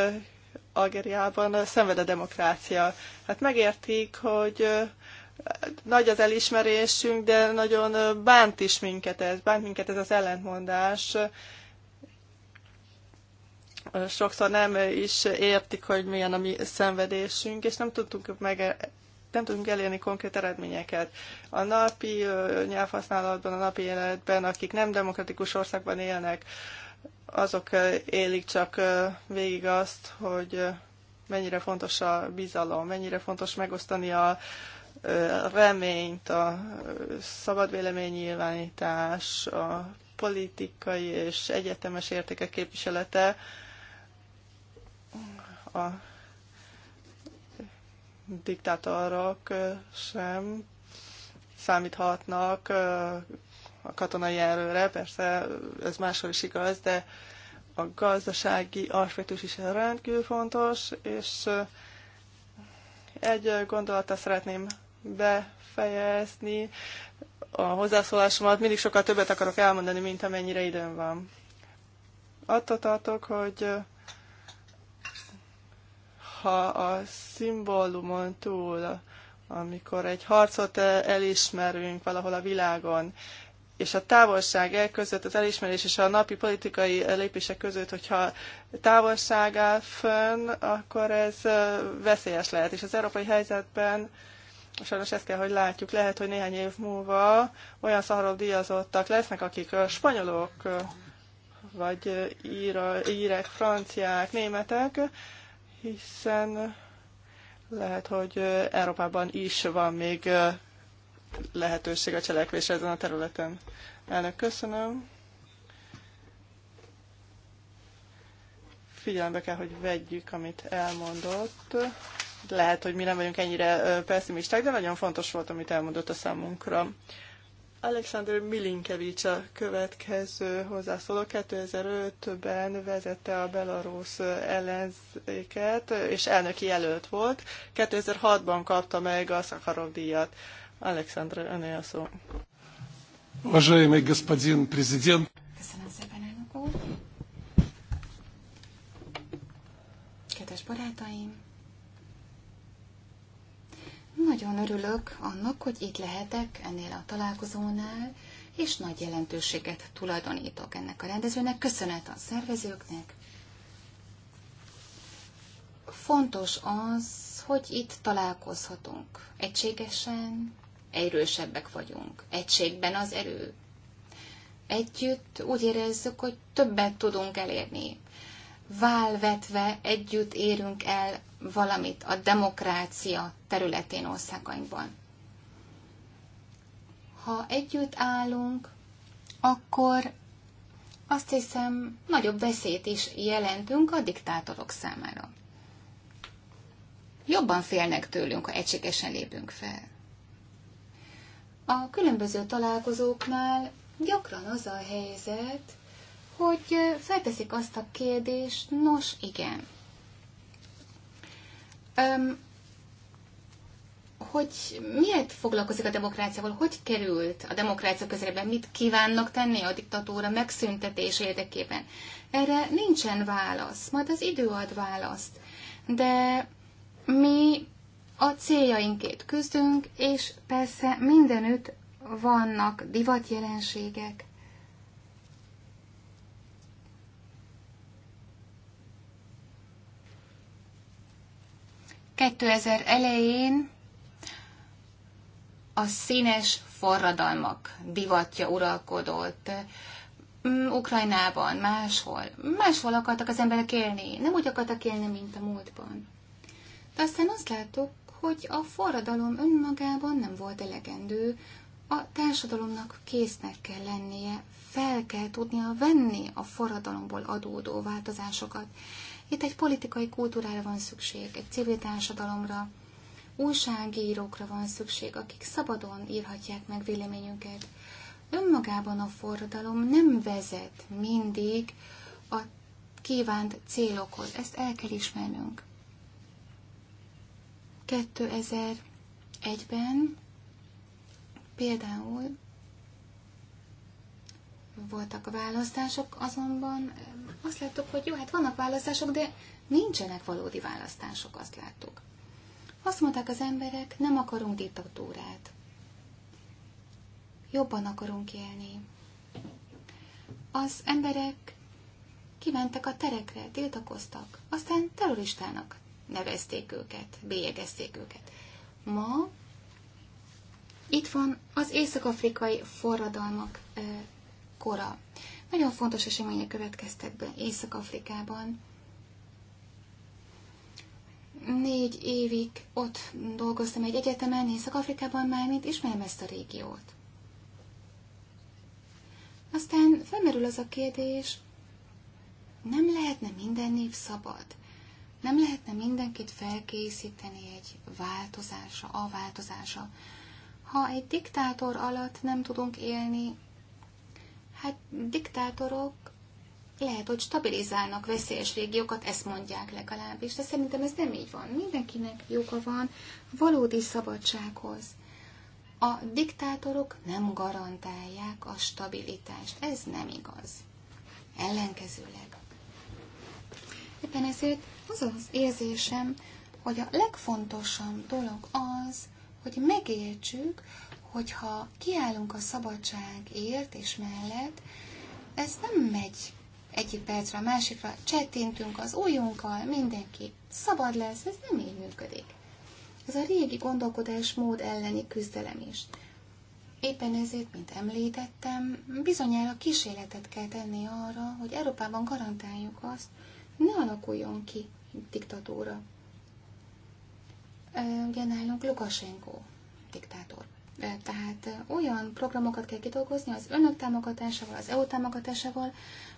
Algeriában szenved a demokrácia. Hát megértik, hogy nagy az elismerésünk, de nagyon bánt is minket ez, bánt minket ez az ellentmondás. Sokszor nem is értik, hogy milyen a mi szenvedésünk, és nem tudtunk meg e, nem tudunk elérni konkrét eredményeket. A napi nyelvhasználatban, a napi életben, akik nem demokratikus országban élnek, azok élik csak végig azt, hogy mennyire fontos a bizalom, mennyire fontos megosztani a reményt, a szabad véleménynyilvánítás, a politikai és egyetemes értékek képviselete, a diktátorok sem számíthatnak a katonai erőre, persze ez máshol is igaz, de a gazdasági aspektus is rendkívül fontos, és egy gondolattal szeretném befejezni a hozzászólásomat. Mindig sokkal többet akarok elmondani, mint amennyire időm van. Attól tartok, hogy ha a szimbólumon túl, amikor egy harcot elismerünk valahol a világon, és a távolság el között, az elismerés és a napi politikai lépések között, hogyha távolság áll fönn, akkor ez veszélyes lehet. És az európai helyzetben sajnos ezt kell, hogy látjuk. Lehet, hogy néhány év múlva olyan szaharok díjazottak lesznek, akik spanyolok, vagy íra, írek, franciák, németek, hiszen lehet, hogy Európában is van még lehetőség a cselekvésre ezen a területen. Elnök, köszönöm. Figyelembe kell, hogy vegyük, amit elmondott. Lehet, hogy mi nem vagyunk ennyire pessimisták, de nagyon fontos volt, amit elmondott a számunkra. Alexander Milinkevics a következő hozzászóló 2005-ben vezette a belarusz ellenzéket, és elnöki jelölt volt. 2006-ban kapta meg a Szakarov díjat. Alexandra, öné a szó. Уважаемый господин президент. Kedves barátaim, nagyon örülök annak, hogy itt lehetek ennél a találkozónál, és nagy jelentőséget tulajdonítok ennek a rendezőnek. Köszönet a szervezőknek. Fontos az, hogy itt találkozhatunk egységesen, erősebbek vagyunk. Egységben az erő. Együtt úgy érezzük, hogy többet tudunk elérni. Válvetve együtt érünk el valamit a demokrácia területén országainkban. Ha együtt állunk, akkor azt hiszem nagyobb veszélyt is jelentünk a diktátorok számára. Jobban félnek tőlünk, ha egységesen lépünk fel. A különböző találkozóknál gyakran az a helyzet, hogy felteszik azt a kérdést, nos igen, öm, hogy miért foglalkozik a demokráciával, hogy került a demokrácia közelében, mit kívánnak tenni a diktatúra megszüntetése érdekében. Erre nincsen válasz, majd az idő ad választ. De mi a céljainkét küzdünk, és persze mindenütt vannak divatjelenségek. Kettőezer elején a színes forradalmak divatja uralkodott. Mm, Ukrajnában, máshol. Máshol akartak az emberek élni. Nem úgy akartak élni, mint a múltban. De aztán azt láttuk, hogy a forradalom önmagában nem volt elegendő, a társadalomnak késznek kell lennie, fel kell tudnia venni a forradalomból adódó változásokat. Itt egy politikai kultúrára van szükség, egy civil társadalomra, újságírókra van szükség, akik szabadon írhatják meg véleményünket. Önmagában a forradalom nem vezet mindig a kívánt célokhoz. Ezt el kell ismernünk. 2001-ben például voltak választások, azonban eh, azt láttuk, hogy jó, hát vannak választások, de nincsenek valódi választások, azt láttuk. Azt mondták az emberek, nem akarunk diktatúrát. Jobban akarunk élni. Az emberek kimentek a terekre, tiltakoztak, aztán terroristának nevezték őket, bélyegezték őket. Ma itt van az észak-afrikai forradalmak kora. Nagyon fontos események következtek be Észak-Afrikában. Négy évig ott dolgoztam egy egyetemen, Észak-Afrikában már, mint ismerem ezt a régiót. Aztán felmerül az a kérdés, nem lehetne minden név szabad? Nem lehetne mindenkit felkészíteni egy változása, a változása. Ha egy diktátor alatt nem tudunk élni, hát diktátorok lehet, hogy stabilizálnak veszélyes régiókat, ezt mondják legalábbis, de szerintem ez nem így van. Mindenkinek joga van valódi szabadsághoz. A diktátorok nem garantálják a stabilitást. Ez nem igaz. Ellenkezőleg Éppen ezért az az érzésem, hogy a legfontosabb dolog az, hogy megértsük, hogyha kiállunk a szabadságért és mellett, ez nem megy egyik percre a másikra, csettintünk az ujjunkkal, mindenki szabad lesz, ez nem így működik. Ez a régi gondolkodásmód elleni küzdelem is. Éppen ezért, mint említettem, bizonyára kísérletet kell tenni arra, hogy Európában garantáljuk azt, ne alakuljon ki diktatúra. Ugye nálunk Lukashenko diktátor. Tehát olyan programokat kell kidolgozni az önök támogatásával, az EU támogatásával,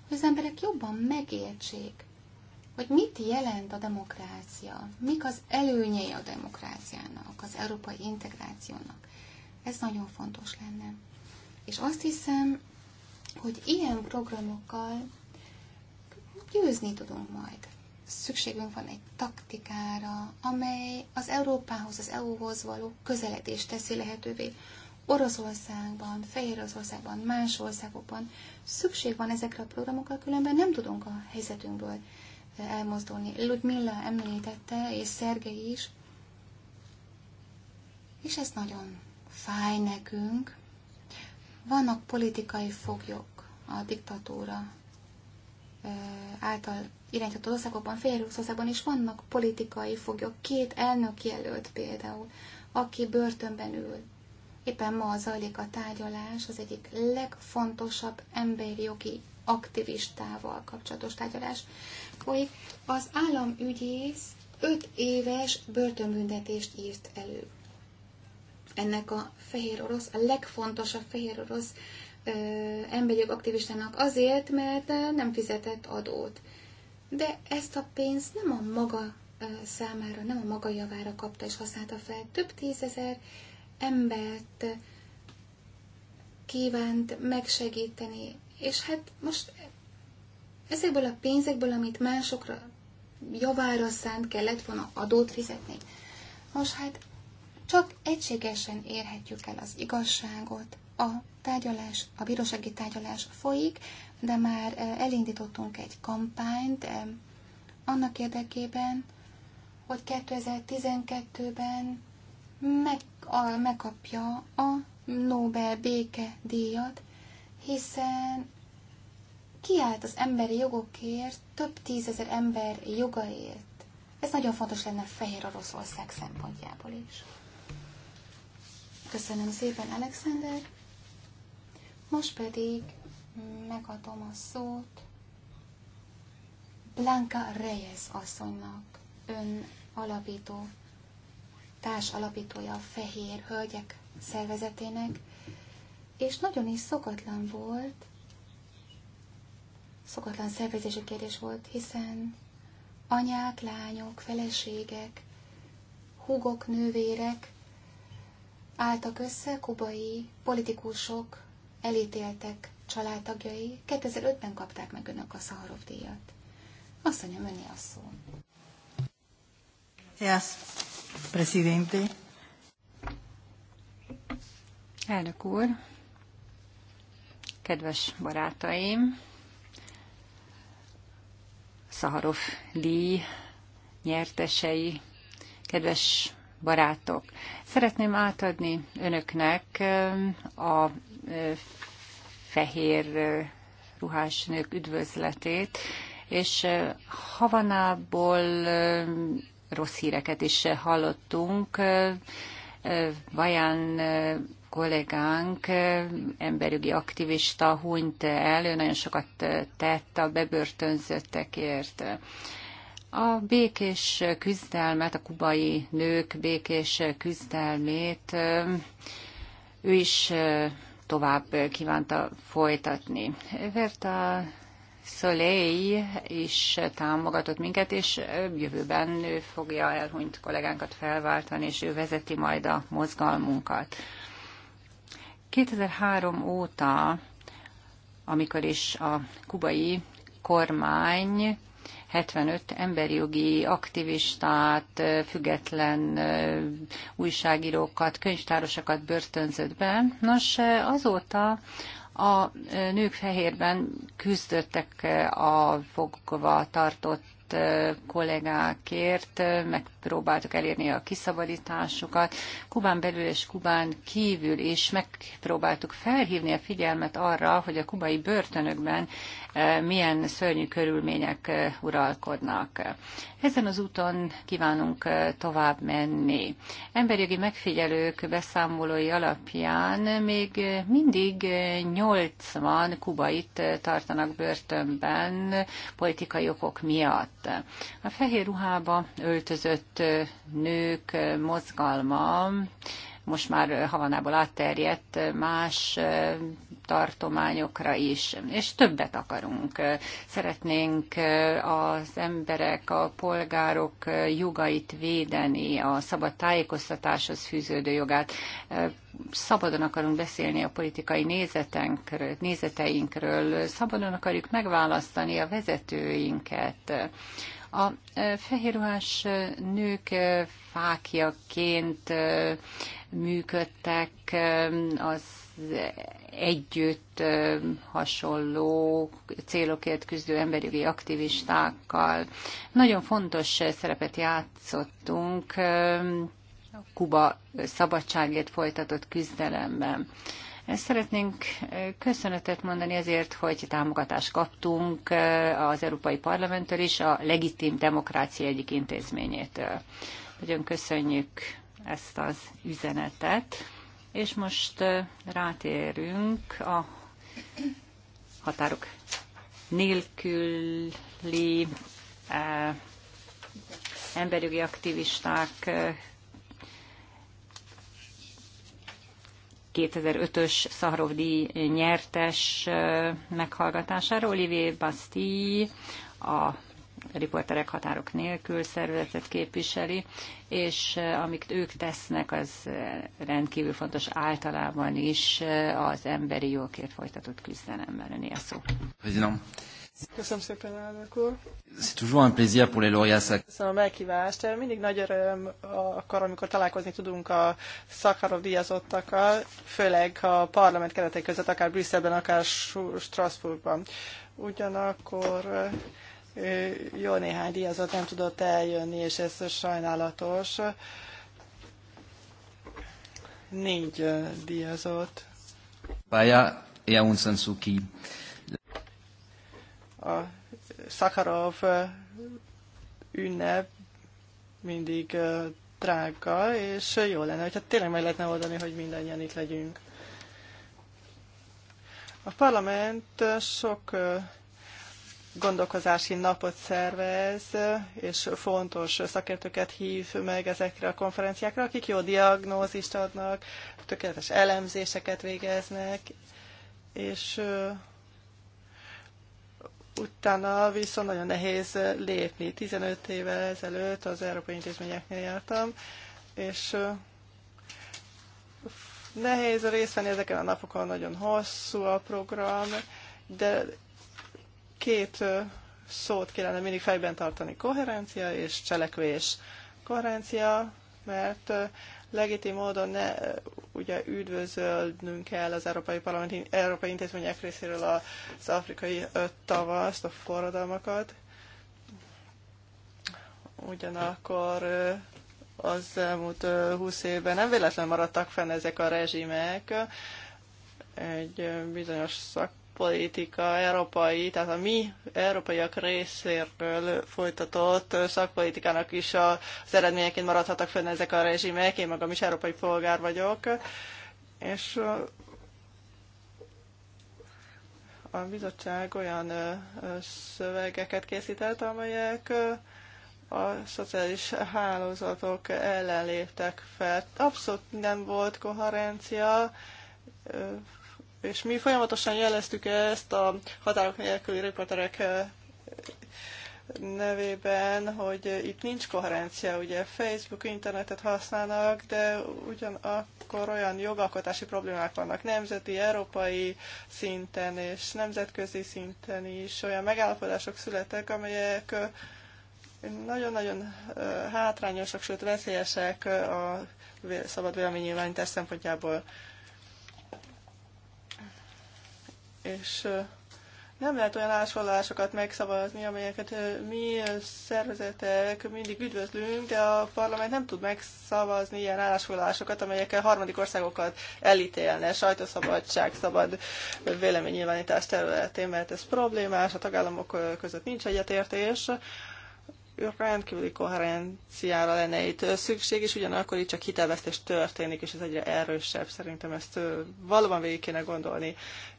hogy az emberek jobban megértsék, hogy mit jelent a demokrácia, mik az előnyei a demokráciának, az európai integrációnak. Ez nagyon fontos lenne. És azt hiszem, hogy ilyen programokkal győzni tudunk majd. Szükségünk van egy taktikára, amely az Európához, az EU-hoz való közeledést teszi lehetővé. Oroszországban, Fehéroroszországban, más országokban szükség van ezekre a programokra, különben nem tudunk a helyzetünkből elmozdulni. Ludmilla említette, és Szergei is, és ez nagyon fáj nekünk. Vannak politikai foglyok, a diktatúra által irányított országokban, országban is vannak politikai foglyok, két elnök jelölt például, aki börtönben ül. Éppen ma zajlik a tárgyalás az egyik legfontosabb emberi jogi aktivistával kapcsolatos tárgyalás, hogy az államügyész 5 éves börtönbüntetést írt elő. Ennek a fehér orosz, a legfontosabb fehér orosz emberi aktivistának azért, mert nem fizetett adót. De ezt a pénzt nem a maga számára, nem a maga javára kapta és használta fel. Több tízezer embert kívánt megsegíteni. És hát most ezekből a pénzekből, amit másokra javára szánt, kellett volna adót fizetni. Most hát csak egységesen érhetjük el az igazságot, a tárgyalás, a bírósági tárgyalás folyik, de már eh, elindítottunk egy kampányt eh, annak érdekében, hogy 2012-ben meg, a, megkapja a Nobel béke díjat, hiszen kiállt az emberi jogokért, több tízezer ember jogaért. Ez nagyon fontos lenne Fehér Oroszország szempontjából is. Köszönöm szépen, Alexander. Most pedig megadom a szót Blanca Reyes asszonynak, ön alapító, társ alapítója a Fehér Hölgyek szervezetének, és nagyon is szokatlan volt, szokatlan szervezési kérdés volt, hiszen anyák, lányok, feleségek, húgok, nővérek álltak össze kubai politikusok elítéltek családtagjai 2005-ben kapták meg önök a Szaharov díjat. Asszonyom, öné a szó. Yes, presidente. Elnök úr, kedves barátaim, Szaharov díj nyertesei, kedves barátok! Szeretném átadni önöknek a fehér ruhás nők üdvözletét, és Havanából rossz híreket is hallottunk. Vaján kollégánk, emberjogi aktivista hunyt el, ő nagyon sokat tett a bebörtönzöttekért. A békés küzdelmet, a kubai nők békés küzdelmét ő is tovább kívánta folytatni. Verta Soleil is támogatott minket, és jövőben ő fogja elhunyt kollégánkat felváltani, és ő vezeti majd a mozgalmunkat. 2003 óta, amikor is a kubai kormány 75 emberi jogi aktivistát, független újságírókat, könyvtárosokat börtönzött be. Nos, azóta a nők fehérben küzdöttek a fogva tartott kollégákért, megpróbáltuk elérni a kiszabadításukat. Kubán belül és Kubán kívül is megpróbáltuk felhívni a figyelmet arra, hogy a kubai börtönökben milyen szörnyű körülmények uralkodnak. Ezen az úton kívánunk tovább menni. Emberjogi megfigyelők beszámolói alapján még mindig 80 kubait tartanak börtönben politikai okok miatt. A fehér ruhába öltözött nők mozgalma most már Havanából átterjedt más tartományokra is, és többet akarunk. Szeretnénk az emberek, a polgárok jogait védeni, a szabad tájékoztatáshoz fűződő jogát. Szabadon akarunk beszélni a politikai nézeteinkről, szabadon akarjuk megválasztani a vezetőinket a fehérruhás nők fákjaként működtek az együtt hasonló célokért küzdő emberjogi aktivistákkal. Nagyon fontos szerepet játszottunk Kuba szabadságért folytatott küzdelemben. Szeretnénk köszönetet mondani azért, hogy támogatást kaptunk az Európai Parlamenttől is, a legitim demokrácia egyik intézményétől. Nagyon köszönjük ezt az üzenetet, és most rátérünk a határok nélküli emberjogi aktivisták 2005-ös Szaharov díj nyertes meghallgatására. Olivier Bastille, a riporterek határok nélkül szervezetet képviseli, és amit ők tesznek, az rendkívül fontos általában is az emberi jogért folytatott küzdelemben. Öné a szó. Köszönöm szépen, elnök úr. C'est toujours un plaisir pour les lauréats. Köszönöm a meghívást. Mindig nagy öröm akkor, amikor találkozni tudunk a Szakharov díjazottakkal, főleg a parlament keretek között, akár Brüsszelben, akár Strasbourgban. Ugyanakkor jó néhány díjazott nem tudott eljönni, és ez sajnálatos. Négy díjazott. Paya Jaun San Suu Kyi a Szakarov ünnep mindig drága, és jó lenne, hogyha tényleg meg lehetne oldani, hogy mindannyian itt legyünk. A parlament sok gondolkozási napot szervez, és fontos szakértőket hív meg ezekre a konferenciákra, akik jó diagnózist adnak, tökéletes elemzéseket végeznek, és utána viszont nagyon nehéz lépni. 15 éve ezelőtt az Európai Intézményeknél jártam, és nehéz részt venni ezeken a napokon, nagyon hosszú a program, de két szót kellene mindig fejben tartani, koherencia és cselekvés. Koherencia, mert legitim módon ne, ugye üdvözölnünk kell az Európai Parlament, Európai Intézmények részéről az afrikai tavaszt, a forradalmakat. Ugyanakkor az elmúlt húsz évben nem véletlen maradtak fenn ezek a rezsimek, egy bizonyos szak politika európai, tehát a mi európaiak részéről folytatott szakpolitikának is az eredményeként maradhatnak fönn ezek a rezsimek. Én magam is európai polgár vagyok, és a bizottság olyan szövegeket készített, amelyek a szociális hálózatok ellen léptek fel. Abszolút nem volt koherencia, és mi folyamatosan jeleztük ezt a határok nélküli riporterek eh, nevében, hogy itt nincs koherencia, ugye Facebook, internetet használnak, de ugyanakkor olyan jogalkotási problémák vannak nemzeti, európai szinten és nemzetközi szinten is, olyan megállapodások születtek, amelyek eh, nagyon-nagyon eh, hátrányosak, sőt veszélyesek a szabad véleménynyilvánítás szempontjából. és nem lehet olyan állásfoglalásokat megszavazni, amelyeket mi szervezetek mindig üdvözlünk, de a parlament nem tud megszavazni ilyen állásfoglalásokat, amelyekkel harmadik országokat elítélne, sajtószabadság, szabad véleménynyilvánítás területén, mert ez problémás, a tagállamok között nincs egyetértés rendkívüli koherenciára lenne itt szükség, és ugyanakkor itt csak hitelvesztés történik, és ez egyre erősebb. Szerintem ezt valóban végig kéne gondolni.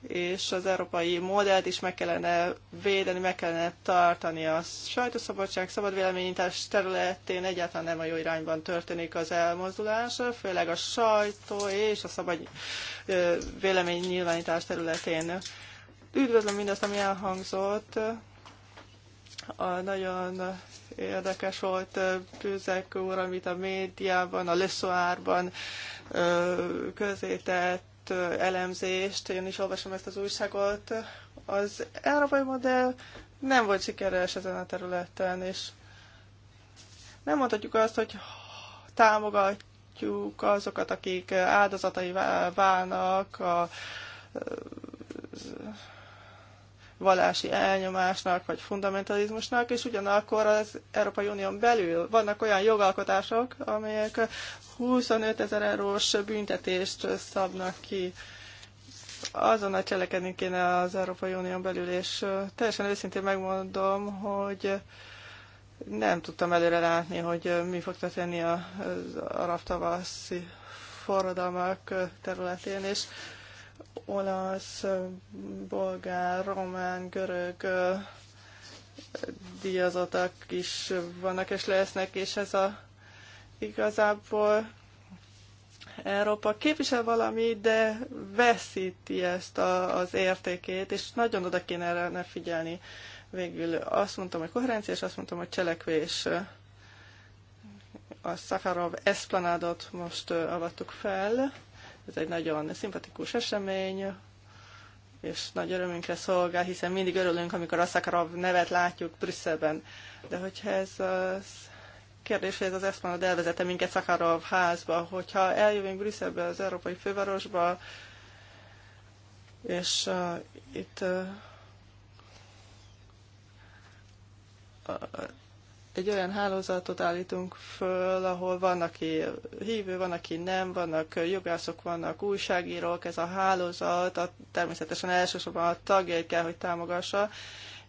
És az európai modellt is meg kellene védeni, meg kellene tartani. A sajtószabadság, szabad véleményítás területén egyáltalán nem a jó irányban történik az elmozdulás, főleg a sajtó és a szabad véleménynyilvánítás területén. Üdvözlöm mindazt, ami elhangzott a nagyon érdekes volt Pőzek úr, amit a médiában, a Leszoárban közétett elemzést, én is olvasom ezt az újságot, az európai modell nem volt sikeres ezen a területen, és nem mondhatjuk azt, hogy támogatjuk azokat, akik áldozatai válnak a vallási elnyomásnak vagy fundamentalizmusnak, és ugyanakkor az Európai Unión belül vannak olyan jogalkotások, amelyek 25 ezer eurós büntetést szabnak ki. Azonnal cselekedni kéne az Európai Unión belül, és teljesen őszintén megmondom, hogy nem tudtam előre látni, hogy mi fog történni az arab tavaszi forradalmak területén, és olasz, bolgár, román, görög díjazatak is vannak és lesznek, és ez a igazából Európa képvisel valami, de veszíti ezt a, az értékét, és nagyon oda kéne erre ne figyelni. Végül azt mondtam, hogy koherencia, és azt mondtam, hogy cselekvés. A Szakarov Esplanádot most avattuk fel. Ez egy nagyon szimpatikus esemény, és nagy örömünkre szolgál, hiszen mindig örülünk, amikor a Szakarov nevet látjuk Brüsszelben. De hogyha ez az kérdés, hogy ez az eszpanod elvezete minket Szakarov házba, hogyha eljövünk Brüsszelbe, az európai fővárosba, és uh, itt uh, uh, egy olyan hálózatot állítunk föl, ahol van, aki hívő, van, aki nem, vannak jogászok, vannak újságírók, ez a hálózat a, természetesen elsősorban a tagjait kell, hogy támogassa,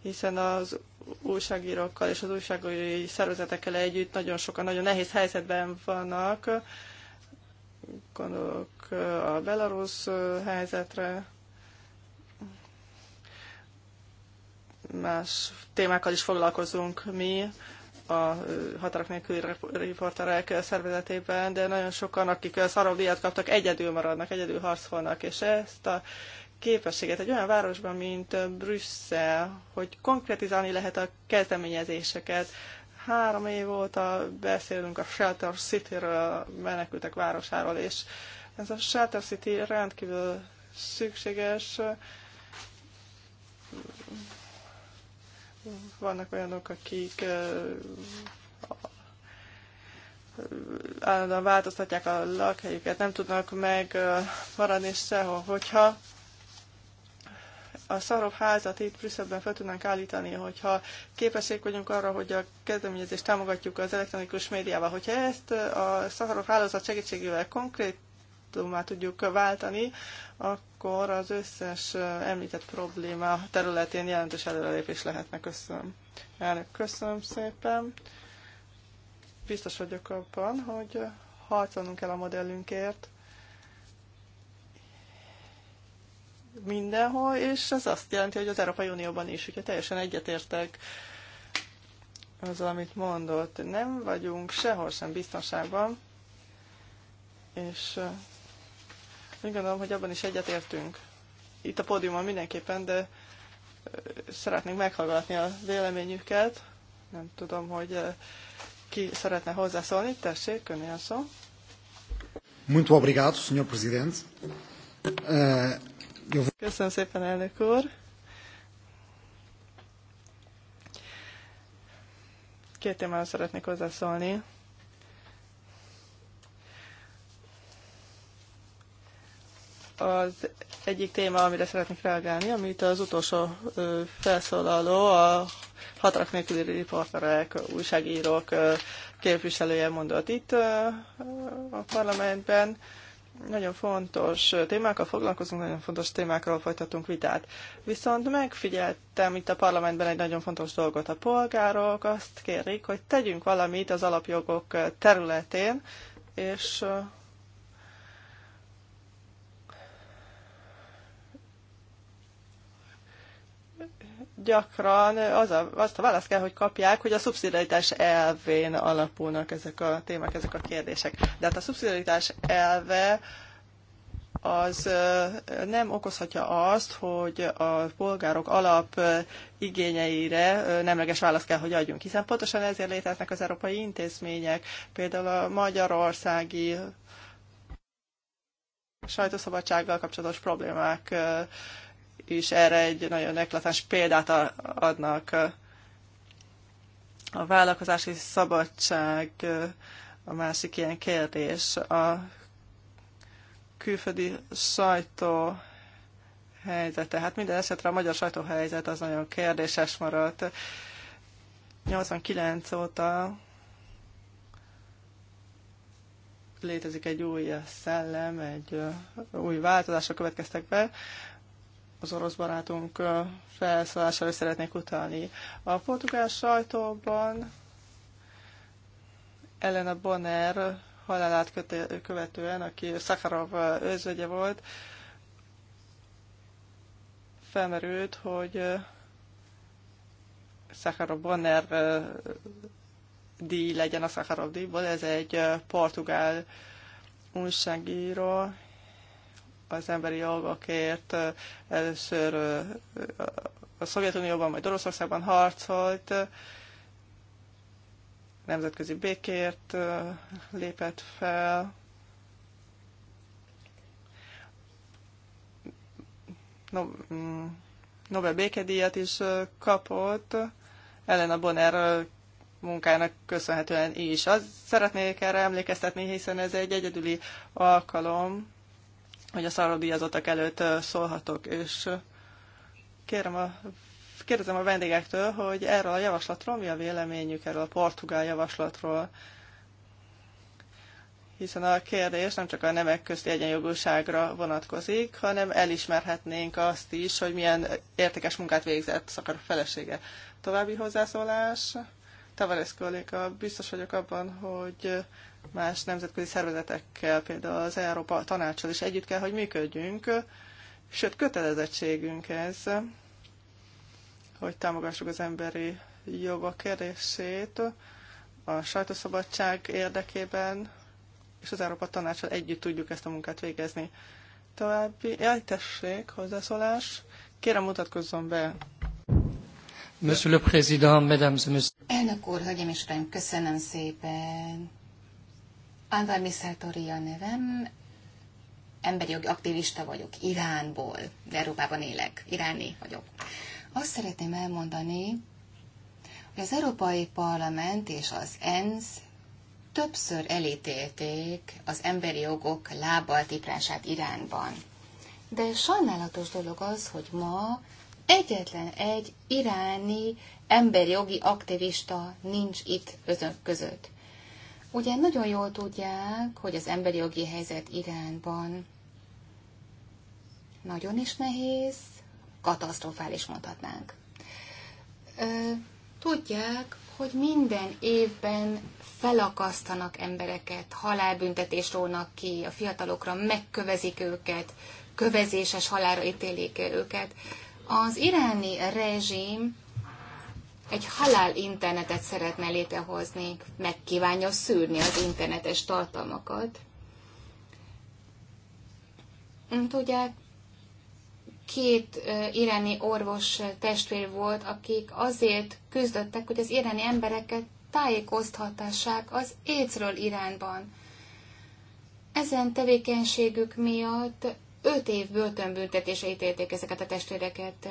hiszen az újságírókkal és az újságírói szervezetekkel együtt nagyon sokan nagyon nehéz helyzetben vannak. Gondolok a belarusz helyzetre, más témákkal is foglalkozunk mi, a határok nélküli riporterek szervezetében, de nagyon sokan, akik szarabdíjat kaptak, egyedül maradnak, egyedül harcolnak, és ezt a képességet egy olyan városban, mint Brüsszel, hogy konkretizálni lehet a kezdeményezéseket. Három év óta beszélünk a Shelter City-ről, menekültek városáról, és ez a Shelter City rendkívül szükséges, Vannak olyanok, akik állandóan változtatják a lakhelyüket, nem tudnak meg maradni sehol. Hogyha a szarok házat itt Brüsszelben fel tudnánk állítani, hogyha képesek vagyunk arra, hogy a kezdeményezést támogatjuk az elektronikus médiával. Hogyha ezt a szaharok hálózat segítségével konkrét mandátumát tudjuk váltani, akkor az összes említett probléma területén jelentős előrelépés lehetne. Köszönöm. Elnök, köszönöm szépen. Biztos vagyok abban, hogy harcolnunk kell a modellünkért mindenhol, és ez azt jelenti, hogy az Európai Unióban is, ugye teljesen egyetértek az, amit mondott. Nem vagyunk sehol sem biztonságban, és én gondolom, hogy abban is egyetértünk. Itt a pódiumon mindenképpen, de szeretnénk meghallgatni a véleményüket. Nem tudom, hogy ki szeretne hozzászólni. Tessék, könnyen szó. Muito obrigado, senhor presidente. Köszönöm szépen, elnök úr. Két témára szeretnék hozzászólni. Az egyik téma, amire szeretnék reagálni, amit az utolsó felszólaló, a hatrak nélküli riporterek, újságírók képviselője mondott itt a parlamentben. Nagyon fontos témákkal foglalkozunk, nagyon fontos témákról folytatunk vitát. Viszont megfigyeltem itt a parlamentben egy nagyon fontos dolgot. A polgárok azt kérik, hogy tegyünk valamit az alapjogok területén, és gyakran az a, azt a választ kell, hogy kapják, hogy a szubszidiaritás elvén alapulnak ezek a témák, ezek a kérdések. De hát a szubszidiaritás elve az nem okozhatja azt, hogy a polgárok alap igényeire nemleges választ kell, hogy adjunk, hiszen pontosan ezért léteznek az európai intézmények, például a magyarországi sajtószabadsággal kapcsolatos problémák is erre egy nagyon eklatáns példát adnak. A vállalkozási szabadság a másik ilyen kérdés. A külföldi sajtó helyzete. Hát minden esetre a magyar helyzet az nagyon kérdéses maradt. 89 óta létezik egy új szellem, egy új változások következtek be az orosz barátunk felszólására szeretnék utalni. A portugál sajtóban Elena Bonner halálát követően, aki Szakarov özvegye volt, felmerült, hogy Szakarov Bonner díj legyen a Szakarov díjból. Ez egy portugál újságíró, az emberi jogokért először a Szovjetunióban, majd Oroszországban harcolt, nemzetközi békért lépett fel. No, mm, Nobel békedíjat is kapott, Elena Bonner munkának köszönhetően is. Az szeretnék erre emlékeztetni, hiszen ez egy egyedüli alkalom, hogy a szarodiazottak előtt szólhatok, és kérem a, kérdezem a vendégektől, hogy erről a javaslatról mi a véleményük, erről a portugál javaslatról, hiszen a kérdés nem csak a nemek közti egyenjogúságra vonatkozik, hanem elismerhetnénk azt is, hogy milyen értékes munkát végzett szakar a felesége. További hozzászólás. Tavares kolléga, biztos vagyok abban, hogy más nemzetközi szervezetekkel, például az Európa Tanácsal is együtt kell, hogy működjünk, sőt kötelezettségünk ez, hogy támogassuk az emberi jogok kérdését a sajtószabadság érdekében, és az Európa Tanácsal együtt tudjuk ezt a munkát végezni. További, eljtessék hozzászólás. Kérem, mutatkozzon be. Monsieur le Président, Mesdames et Messieurs. Elnök úr, hölgyeim és uraim, köszönöm szépen. Anwar Miszátori a nevem, emberi jogi aktivista vagyok Iránból, de Európában élek, iráni vagyok. Azt szeretném elmondani, hogy az Európai Parlament és az ENSZ többször elítélték az emberi jogok lábbal Iránban. De sajnálatos dolog az, hogy ma egyetlen egy iráni emberi jogi aktivista nincs itt özök között. Ugye nagyon jól tudják, hogy az emberi jogi helyzet Iránban nagyon is nehéz, katasztrofális mondhatnánk. tudják, hogy minden évben felakasztanak embereket, halálbüntetést rónak ki a fiatalokra, megkövezik őket, kövezéses halára ítélik őket. Az iráni rezsim egy halál internetet szeretne létrehozni, kívánja szűrni az internetes tartalmakat. Hm, tudják, két iráni orvos testvér volt, akik azért küzdöttek, hogy az iráni embereket tájékoztathassák az écről Iránban. Ezen tevékenységük miatt öt év börtönbüntetésre ítélték ezeket a testvéreket.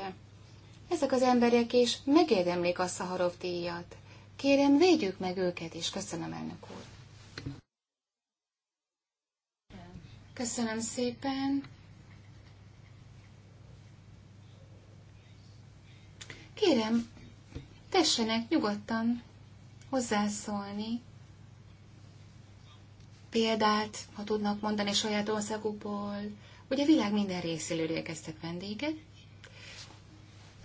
Ezek az emberek is megérdemlik a Szaharov díjat. Kérem, védjük meg őket is. Köszönöm, elnök úr. Köszönöm szépen. Kérem, tessenek nyugodtan hozzászólni. Példát, ha tudnak mondani saját országukból. Ugye a világ minden részéről érkeztek vendégek,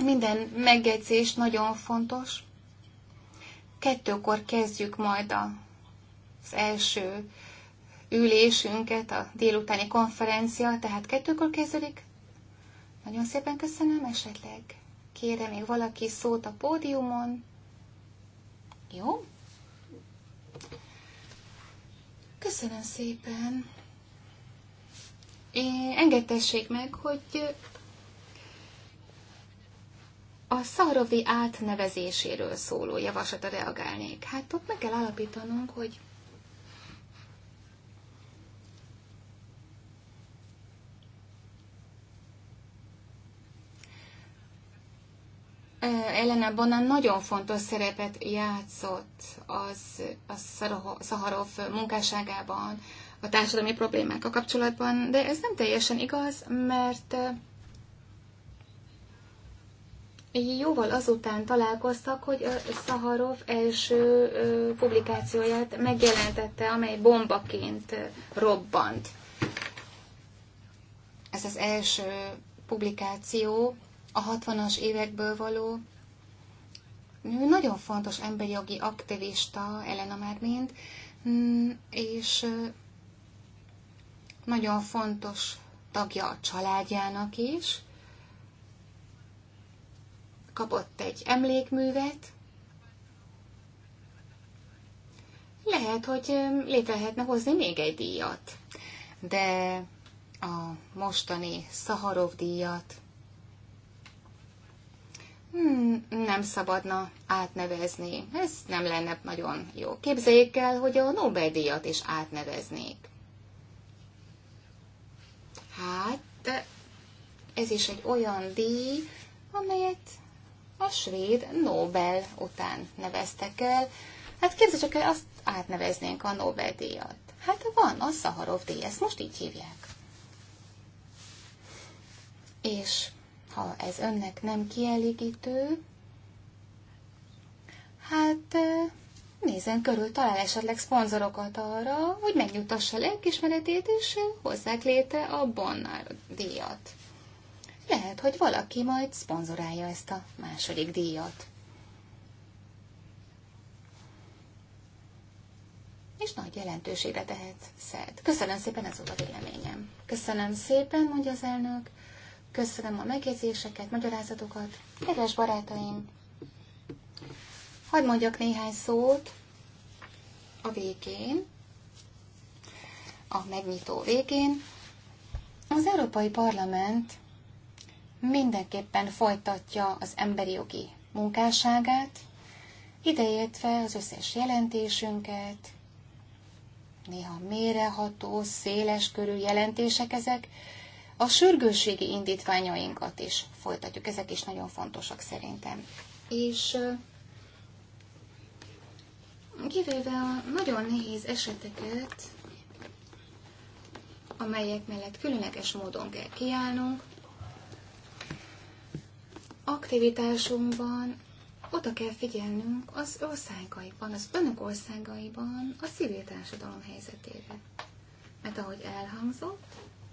minden megjegyzés nagyon fontos. Kettőkor kezdjük majd az első ülésünket, a délutáni konferencia, tehát kettőkor kezdődik. Nagyon szépen köszönöm, esetleg kérem még valaki szót a pódiumon. Jó? Köszönöm szépen. Én engedtessék meg, hogy a Szaharovi átnevezéséről szóló javaslata reagálnék. Hát ott meg kell állapítanunk, hogy e, Elena Bonan nagyon fontos szerepet játszott az, a Szaharov munkásságában, a társadalmi problémákkal kapcsolatban, de ez nem teljesen igaz, mert jóval azután találkoztak, hogy Szaharov első publikációját megjelentette, amely bombaként robbant. Ez az első publikáció a 60-as évekből való. Ő nagyon fontos emberi jogi aktivista, Elena Mármint, mm, és nagyon fontos tagja a családjának is kapott egy emlékművet. Lehet, hogy létre lehetne hozni még egy díjat, de a mostani Szaharov díjat hmm, nem szabadna átnevezni. Ez nem lenne nagyon jó. Képzeljék el, hogy a Nobel-díjat is átneveznék. Hát, ez is egy olyan díj, amelyet a svéd Nobel után neveztek el. Hát képzeld csak hogy azt átneveznénk a Nobel-díjat. Hát van a Szaharov díj, ezt most így hívják. És ha ez önnek nem kielégítő, hát nézzen körül, talál esetleg szponzorokat arra, hogy megnyugtassa lelkismeretét, és hozzák létre a Bonnard díjat lehet, hogy valaki majd szponzorálja ezt a második díjat. És nagy jelentőségre tehet szed. Köszönöm szépen, ez volt a véleményem. Köszönöm szépen, mondja az elnök. Köszönöm a megjegyzéseket, magyarázatokat. Kedves barátaim, hadd mondjak néhány szót a végén, a megnyitó végén. Az Európai Parlament mindenképpen folytatja az emberi jogi munkásságát, ideértve az összes jelentésünket, néha méreható, széles körű jelentések ezek, a sürgőségi indítványainkat is folytatjuk, ezek is nagyon fontosak szerintem. És kivéve a nagyon nehéz eseteket, amelyek mellett különleges módon kell kiállnunk, aktivitásunkban oda kell figyelnünk az országaiban, az önök országaiban a civil társadalom helyzetére. Mert ahogy elhangzott,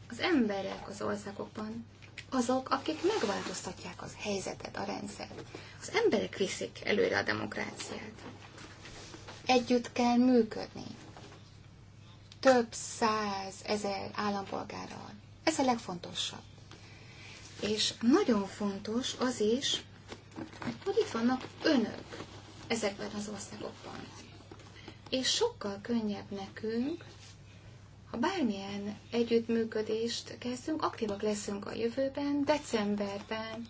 az emberek az országokban azok, akik megváltoztatják az helyzetet, a rendszert. Az emberek viszik előre a demokráciát. Együtt kell működni. Több száz ezer állampolgárral. Ez a legfontosabb. És nagyon fontos az is, hogy itt vannak önök ezekben az országokban. És sokkal könnyebb nekünk, ha bármilyen együttműködést kezdünk, aktívak leszünk a jövőben, decemberben.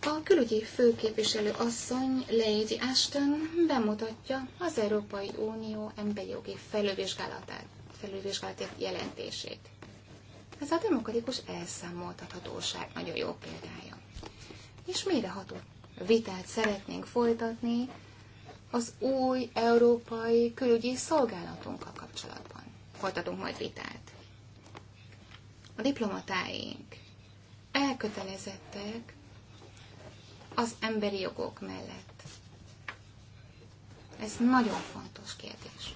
A külügyi főképviselő asszony Lady Ashton bemutatja az Európai Unió emberi jogi felülvizsgálatát, felülvizsgálatát jelentését. Ez a demokratikus elszámoltathatóság nagyon jó példája. És mire ható vitát szeretnénk folytatni az új európai külügyi szolgálatunkkal kapcsolatban. Folytatunk majd vitát. A diplomatáink elkötelezettek az emberi jogok mellett. Ez nagyon fontos kérdés.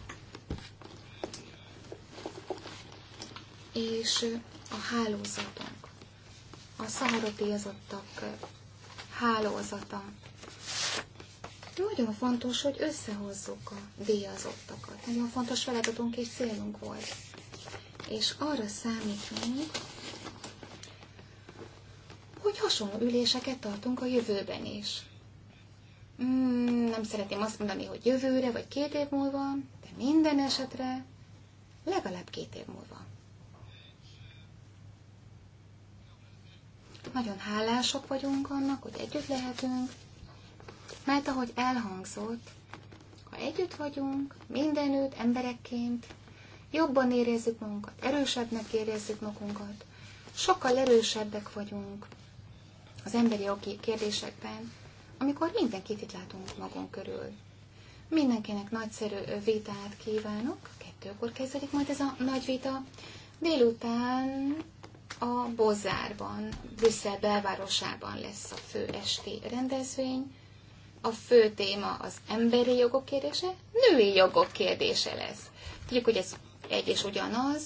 És a hálózatunk, a szaharodíjazottak eh, hálózata. Nagyon fontos, hogy összehozzuk a díjazottakat. Nagyon fontos feladatunk és célunk volt. És arra számítunk, hogy hasonló üléseket tartunk a jövőben is. Mm, nem szeretném azt mondani, hogy jövőre vagy két év múlva, de minden esetre legalább két év múlva. nagyon hálások vagyunk annak, hogy együtt lehetünk, mert ahogy elhangzott, ha együtt vagyunk, mindenütt, emberekként, jobban érezzük magunkat, erősebbnek érezzük magunkat, sokkal erősebbek vagyunk az emberi jogi kérdésekben, amikor mindenkit itt látunk magunk körül. Mindenkinek nagyszerű vitát kívánok, kettőkor kezdődik majd ez a nagy vita. Délután a Bozárban, Brüsszel belvárosában lesz a fő esti rendezvény. A fő téma az emberi jogok kérdése, női jogok kérdése lesz. Tudjuk, hogy ez egy és ugyanaz,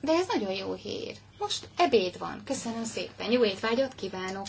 de ez nagyon jó hír. Most ebéd van. Köszönöm szépen. Jó étvágyat kívánok!